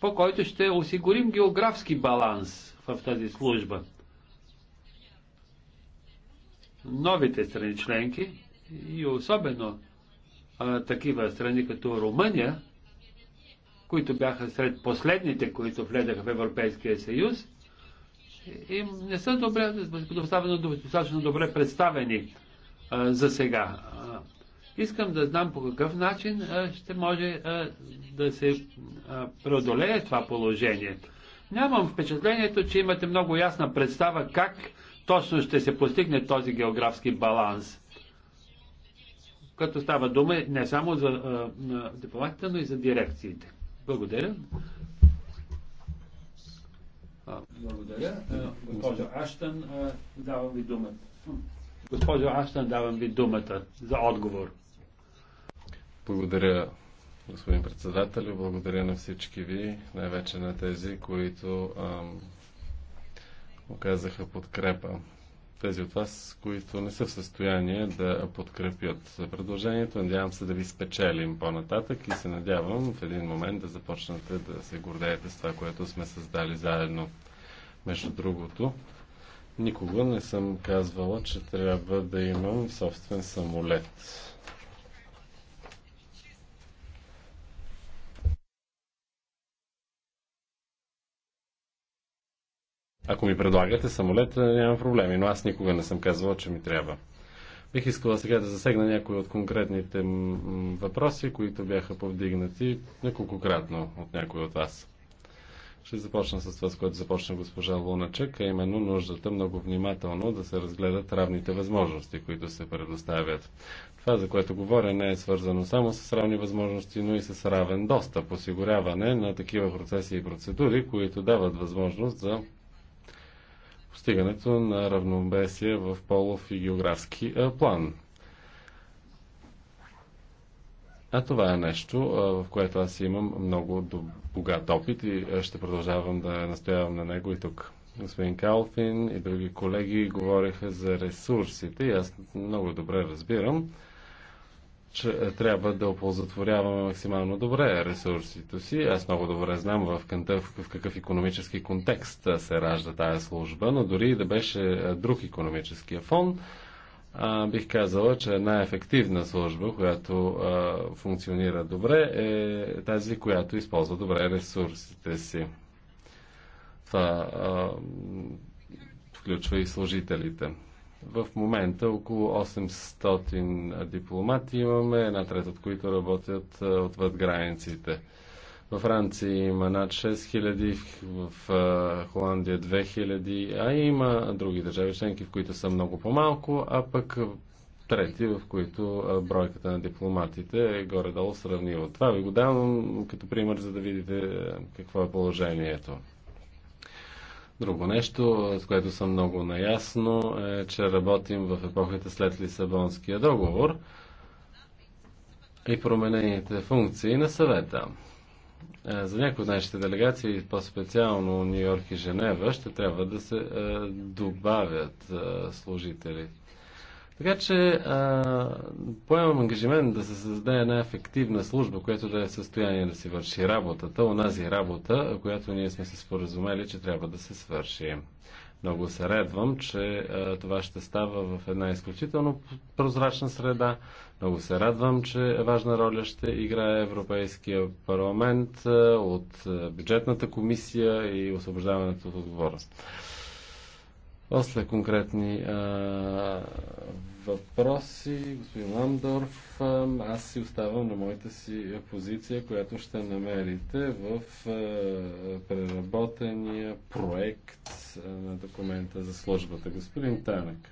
по който ще осигурим географски баланс в тази служба новите страни членки и особено а, такива страни като Румъния, които бяха сред последните, които влезаха в Европейския съюз, и не са добре, доставено, достатъчно добре представени а, за сега. А, искам да знам по какъв начин а, ще може а, да се а, преодолее това положение. Нямам впечатлението, че имате много ясна представа как точно ще се постигне този географски баланс. Като става дума не само за дипломатите, но и за дирекциите. Благодаря. Благодаря. Госпожо Аштън, давам ви думата. Госпожо Аштън, давам ви думата за отговор. Благодаря, господин председател. Благодаря на всички ви, най-вече на тези, които ам, оказаха подкрепа. Тези от вас, които не са в състояние да подкрепят предложението, надявам се да ви спечелим по-нататък и се надявам в един момент да започнете да се гордеете с това, което сме създали заедно. Между другото, никога не съм казвала, че трябва да имам собствен самолет. Ако ми предлагате самолет, е, нямам проблеми, но аз никога не съм казвала, че ми трябва. Бих искала сега да засегна някои от конкретните въпроси, които бяха повдигнати неколкократно от някои от вас. Ще започна с това, с което започна госпожа Луначек, а именно нуждата много внимателно да се разгледат равните възможности, които се предоставят. Това, за което говоря, не е свързано само с равни възможности, но и с равен достъп, осигуряване на такива процеси и процедури, които дават възможност за постигането на равновесие в полов и географски план. А това е нещо, в което аз имам много богат опит и ще продължавам да настоявам на него и тук. Господин Калфин и други колеги говориха за ресурсите и аз много добре разбирам че е, трябва да оползотворяваме максимално добре ресурсите си. Аз много добре знам в, в какъв економически контекст се ражда тая служба, но дори да беше е, друг економическия фон, а, бих казала, че една ефективна служба, която а, функционира добре, е тази, която използва добре ресурсите си. Това а, включва и служителите. В момента около 800 дипломати имаме, една трета от които работят е, отвъд границите. Във Франция има над 6000, в е, Холандия 2000, а има други държави членки, в които са много по-малко, а пък трети, в които е, бройката на дипломатите е горе-долу сравнива. Това ви го давам като пример, за да видите какво е положението. Друго нещо, с което съм много наясно, е, че работим в епохата след Лисабонския договор и променените функции на съвета. Е, за някои от нашите делегации, по-специално Нью Йорк и Женева, ще трябва да се е, добавят е, служители така че а, поемам ангажимент да се създаде една ефективна служба, която да е в състояние да си върши работата, онази работа, която ние сме се споразумели, че трябва да се свърши. Много се радвам, че а, това ще става в една изключително прозрачна среда. Много се радвам, че важна роля ще играе Европейския парламент а, от бюджетната комисия и освобождаването от отговорност. После конкретни а, въпроси, господин Ламдорф, аз си оставам на моята си позиция, която ще намерите в а, преработения проект на документа за службата. Господин Танък.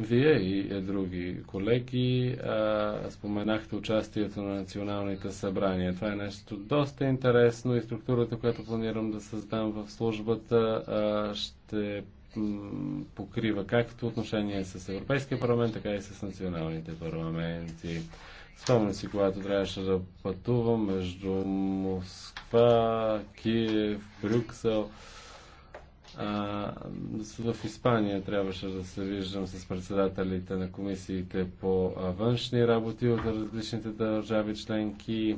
Вие и е, други колеги а, споменахте участието на националните събрания. Това е нещо доста интересно и структурата, която планирам да създам в службата, а, ще покрива както отношение с Европейския парламент, така и с националните парламенти. Спомням си, когато трябваше да пътувам между Москва, Киев, Брюксел в Испания трябваше да се виждам с председателите на комисиите по външни работи от различните държави членки.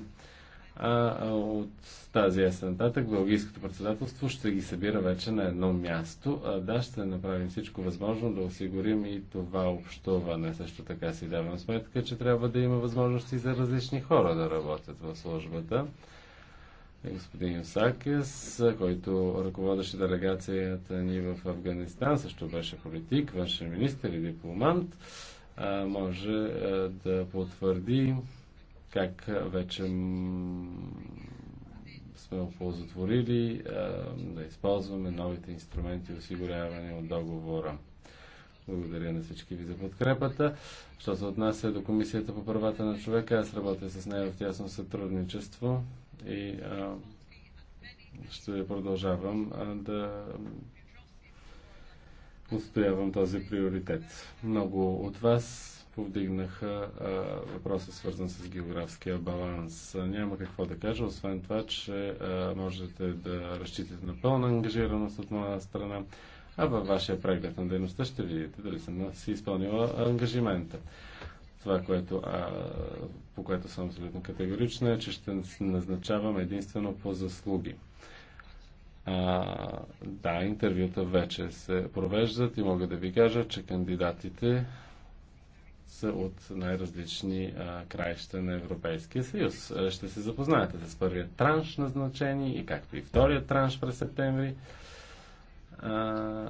А от тази есен нататък Белгийското председателство ще ги събира вече на едно място. А, да, ще направим всичко възможно да осигурим и това общуване. Също така си давам сметка, че трябва да има възможности за различни хора да работят в службата. Е, господин Осакес, който ръководеше делегацията ни в Афганистан, също беше политик, външен министр и дипломант, може е, да потвърди как вече сме оползотворили е, да използваме новите инструменти, осигуряване от договора. Благодаря на всички ви за подкрепата. Що се отнася до Комисията по правата на човека, аз работя с нея в тясно сътрудничество. И а, ще продължавам а, да отстоявам този приоритет. Много от вас повдигнаха а, въпроса свързан с географския баланс. Няма какво да кажа, освен това, че а, можете да разчитате на пълна ангажираност от моя страна, а във вашия преглед на дейността ще видите дали съм си изпълнила ангажимента. Това, което, а, по което съм абсолютно категорична, е, че ще назначавам единствено по заслуги. А, да, интервюта вече се провеждат и мога да ви кажа, че кандидатите са от най-различни краища на Европейския съюз. Ще се запознаете с първият транш назначени и както и втория транш през септември. А,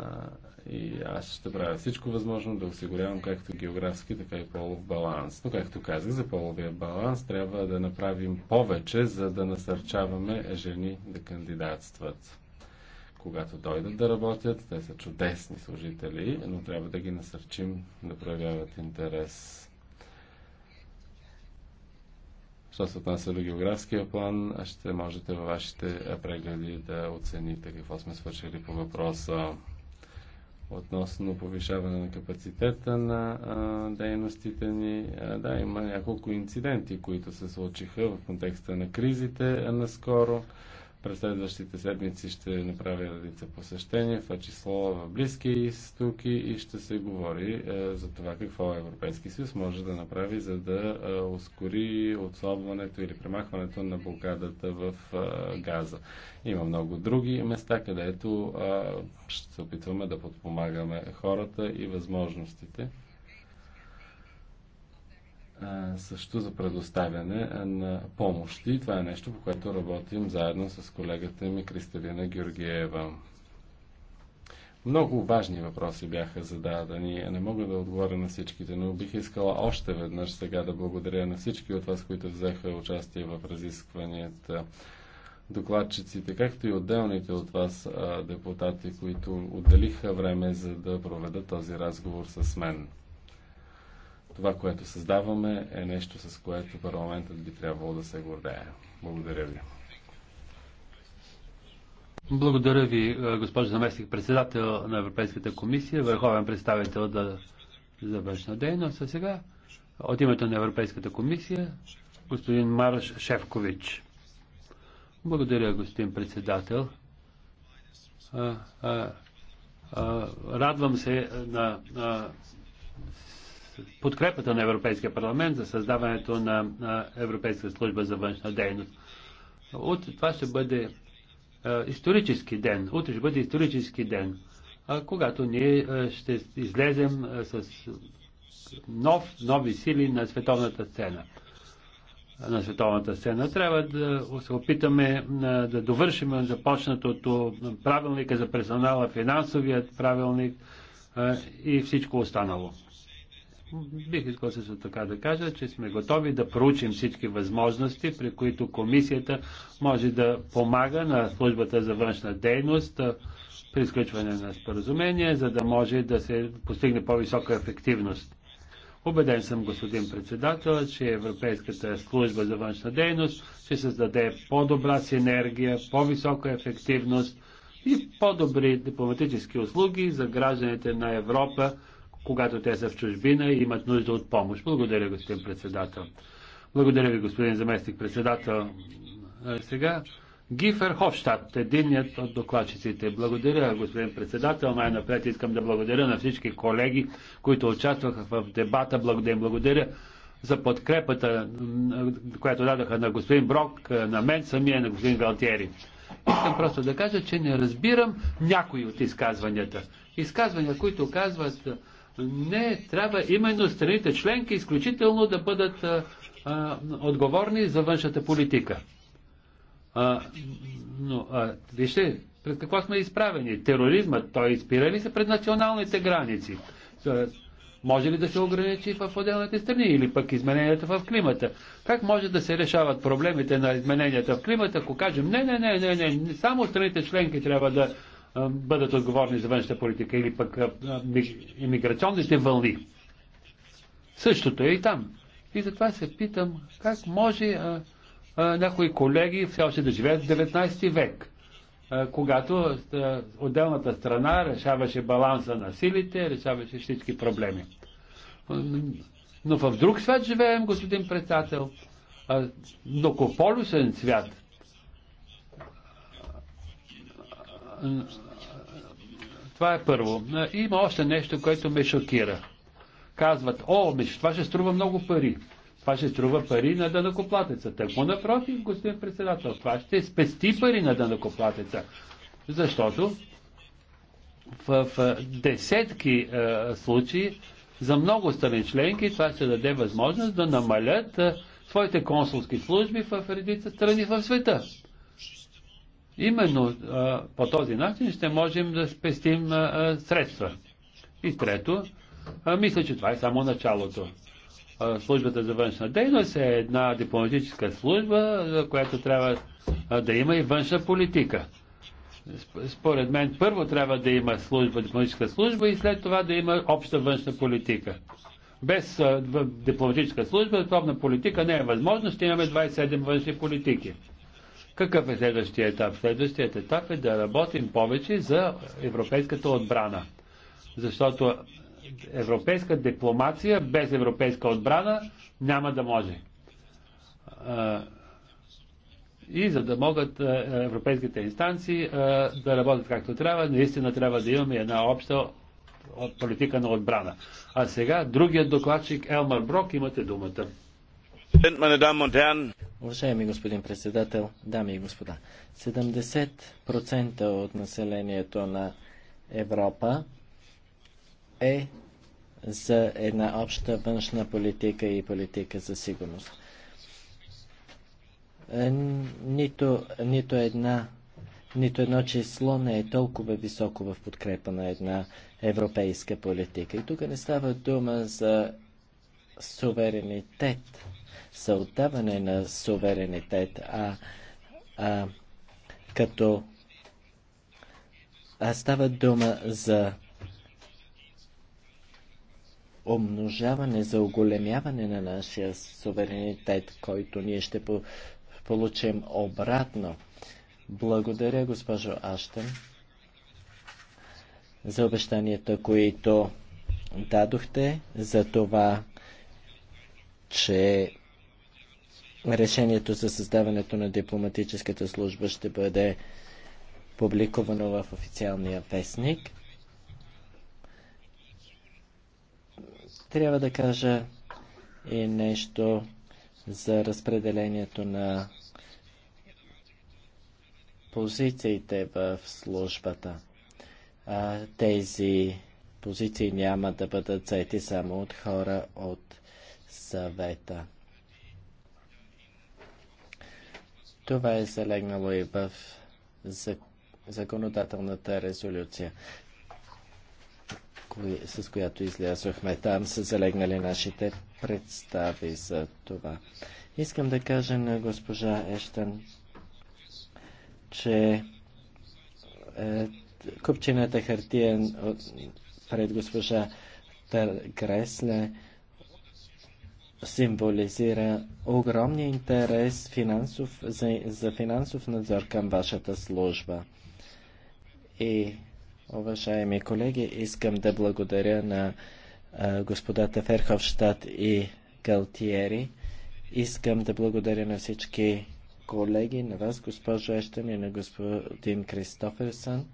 и аз ще правя всичко възможно да осигурявам както географски, така и полов баланс. Но, както казах, за половия баланс трябва да направим повече, за да насърчаваме жени да кандидатстват. Когато дойдат да работят, те са чудесни служители, но трябва да ги насърчим да проявяват интерес Що се отнася до географския план, ще можете във вашите прегледи да оцените какво сме свършили по въпроса относно повишаване на капацитета на а, дейностите ни. А, да, има няколко инциденти, които се случиха в контекста на кризите наскоро. През следващите седмици ще направя редица посещения, това число в Близки изтоки и ще се говори е, за това какво Европейски съюз може да направи, за да е, ускори отслабването или премахването на блокадата в е, Газа. Има много други места, където е, ще се опитваме да подпомагаме хората и възможностите също за предоставяне на помощи. Това е нещо, по което работим заедно с колегата ми Кристалина Георгиева. Много важни въпроси бяха зададени. Не мога да отговоря на всичките, но бих искала още веднъж сега да благодаря на всички от вас, които взеха участие в разискванията докладчиците, както и отделните от вас депутати, които отделиха време за да проведат този разговор с мен това, което създаваме, е нещо, с което парламентът би трябвало да се гордее. Благодаря ви. Благодаря ви, е, госпожо заместник председател на Европейската комисия, върховен представител да за външна дейност. А сега от името на Европейската комисия господин Марш Шефкович. Благодаря, господин председател. А, а, а, радвам се на, на подкрепата на Европейския парламент за създаването на Европейска служба за външна дейност. Утре това ще бъде исторически ден. Утре ще бъде исторически ден, когато ние ще излезем с нов, нови сили на световната сцена. На световната сцена трябва да се опитаме да довършим започнатото правилника за персонала, финансовият правилник и всичко останало. Бих искал също така да кажа, че сме готови да проучим всички възможности, при които комисията може да помага на службата за външна дейност при изключване на споразумение, за да може да се постигне по-висока ефективност. Обеден съм, господин председател, че Европейската служба за външна дейност ще създаде по-добра синергия, по-висока ефективност и по-добри дипломатически услуги за гражданите на Европа, когато те са в чужбина и имат нужда от помощ. Благодаря, господин председател. Благодаря ви, господин заместник председател. Сега Гифер Хофштадт, единият от докладчиците. Благодаря, господин председател. Най-напред искам да благодаря на всички колеги, които участваха в дебата. Благодаря, благодаря за подкрепата, която дадаха на господин Брок, на мен самия, на господин Галтиери. Искам просто да кажа, че не разбирам някои от изказванията. Изказвания, които казват, не, трябва именно страните членки изключително да бъдат а, а, отговорни за външната политика. А, но, а, вижте, пред какво сме изправени? Тероризма, той изпира ли се пред националните граници? Е, може ли да се ограничи в отделните страни или пък измененията в климата? Как може да се решават проблемите на измененията в климата, ако кажем не, не, не, не, не, не, само страните членки трябва да бъдат отговорни за външната политика или пък иммиграционните вълни. Същото е и там. И затова се питам как може а, а, някои колеги все още да живеят в 19 век, а, когато а, отделната страна решаваше баланса на силите, решаваше всички проблеми. Но в друг свят живеем, господин председател. многополюсен свят. това е първо. Има още нещо, което ме шокира. Казват, о, това ще струва много пари. Това ще струва пари на дънакоплатеца. Тъкмо напротив, господин председател, това ще спести пари на дънакоплатеца. Защото в, в десетки е, случаи за много страни членки това ще даде възможност да намалят е, своите консулски служби в редица страни в света. Именно по този начин ще можем да спестим средства. И трето, мисля, че това е само началото. Службата за външна дейност е една дипломатическа служба, за която трябва да има и външна политика. Според мен първо трябва да има служба, дипломатическа служба и след това да има обща външна политика. Без дипломатическа служба, подобна политика не е възможно, ще имаме 27 външни политики. Какъв е следващия етап? Следващият етап е да работим повече за европейската отбрана. Защото европейска дипломация без европейска отбрана няма да може. И за да могат европейските инстанции да работят както трябва, наистина трябва да имаме една обща политика на отбрана. А сега другият докладчик Елмар Брок, имате думата. Уважаеми господин председател, дами и господа, 70% от населението на Европа е за една обща външна политика и политика за сигурност. Е, нито, нито, една, нито едно число не е толкова високо в подкрепа на една европейска политика. И тук не става дума за суверенитет за отдаване на суверенитет, а, а като а става дума за умножаване, за оголемяване на нашия суверенитет, който ние ще по получим обратно. Благодаря, госпожо Аштен, за обещанията, които дадохте, за това, че решението за създаването на дипломатическата служба ще бъде публикувано в официалния вестник. Трябва да кажа и нещо за разпределението на позициите в службата. А, тези позиции няма да бъдат заети само от хора от съвета. Това е залегнало и в законодателната резолюция, с която излязохме. Там са залегнали нашите представи за това. Искам да кажа на госпожа Ештън, че е, купчината хартия пред госпожа Гресле символизира огромния интерес финансов, за, за финансов надзор към вашата служба. И, уважаеми колеги, искам да благодаря на а, господата Ферховштад и Галтиери. Искам да благодаря на всички колеги, на вас, госпожо Ещен и на господин Кристоферсън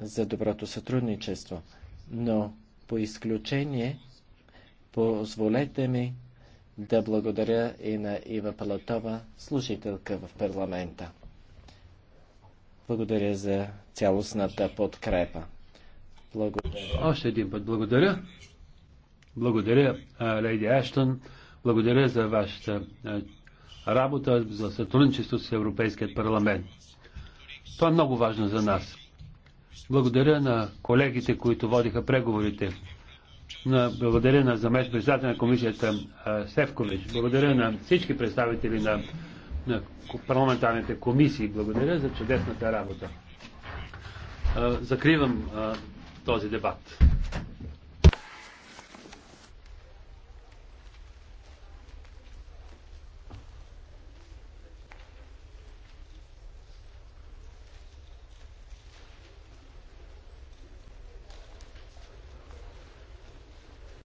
за доброто сътрудничество. Но по изключение Позволете ми да благодаря и на Ива Палатова, служителка в парламента. Благодаря за цялостната подкрепа. Благодаря. Още един път благодаря. Благодаря, Лейди Аштон. Благодаря за вашата работа, за сътрудничество с Европейският парламент. Това е много важно за нас. Благодаря на колегите, които водиха преговорите на, благодаря на заместно председател на комисията Севкович, благодаря на всички представители на, на парламентарните комисии, благодаря за чудесната работа. Закривам този дебат.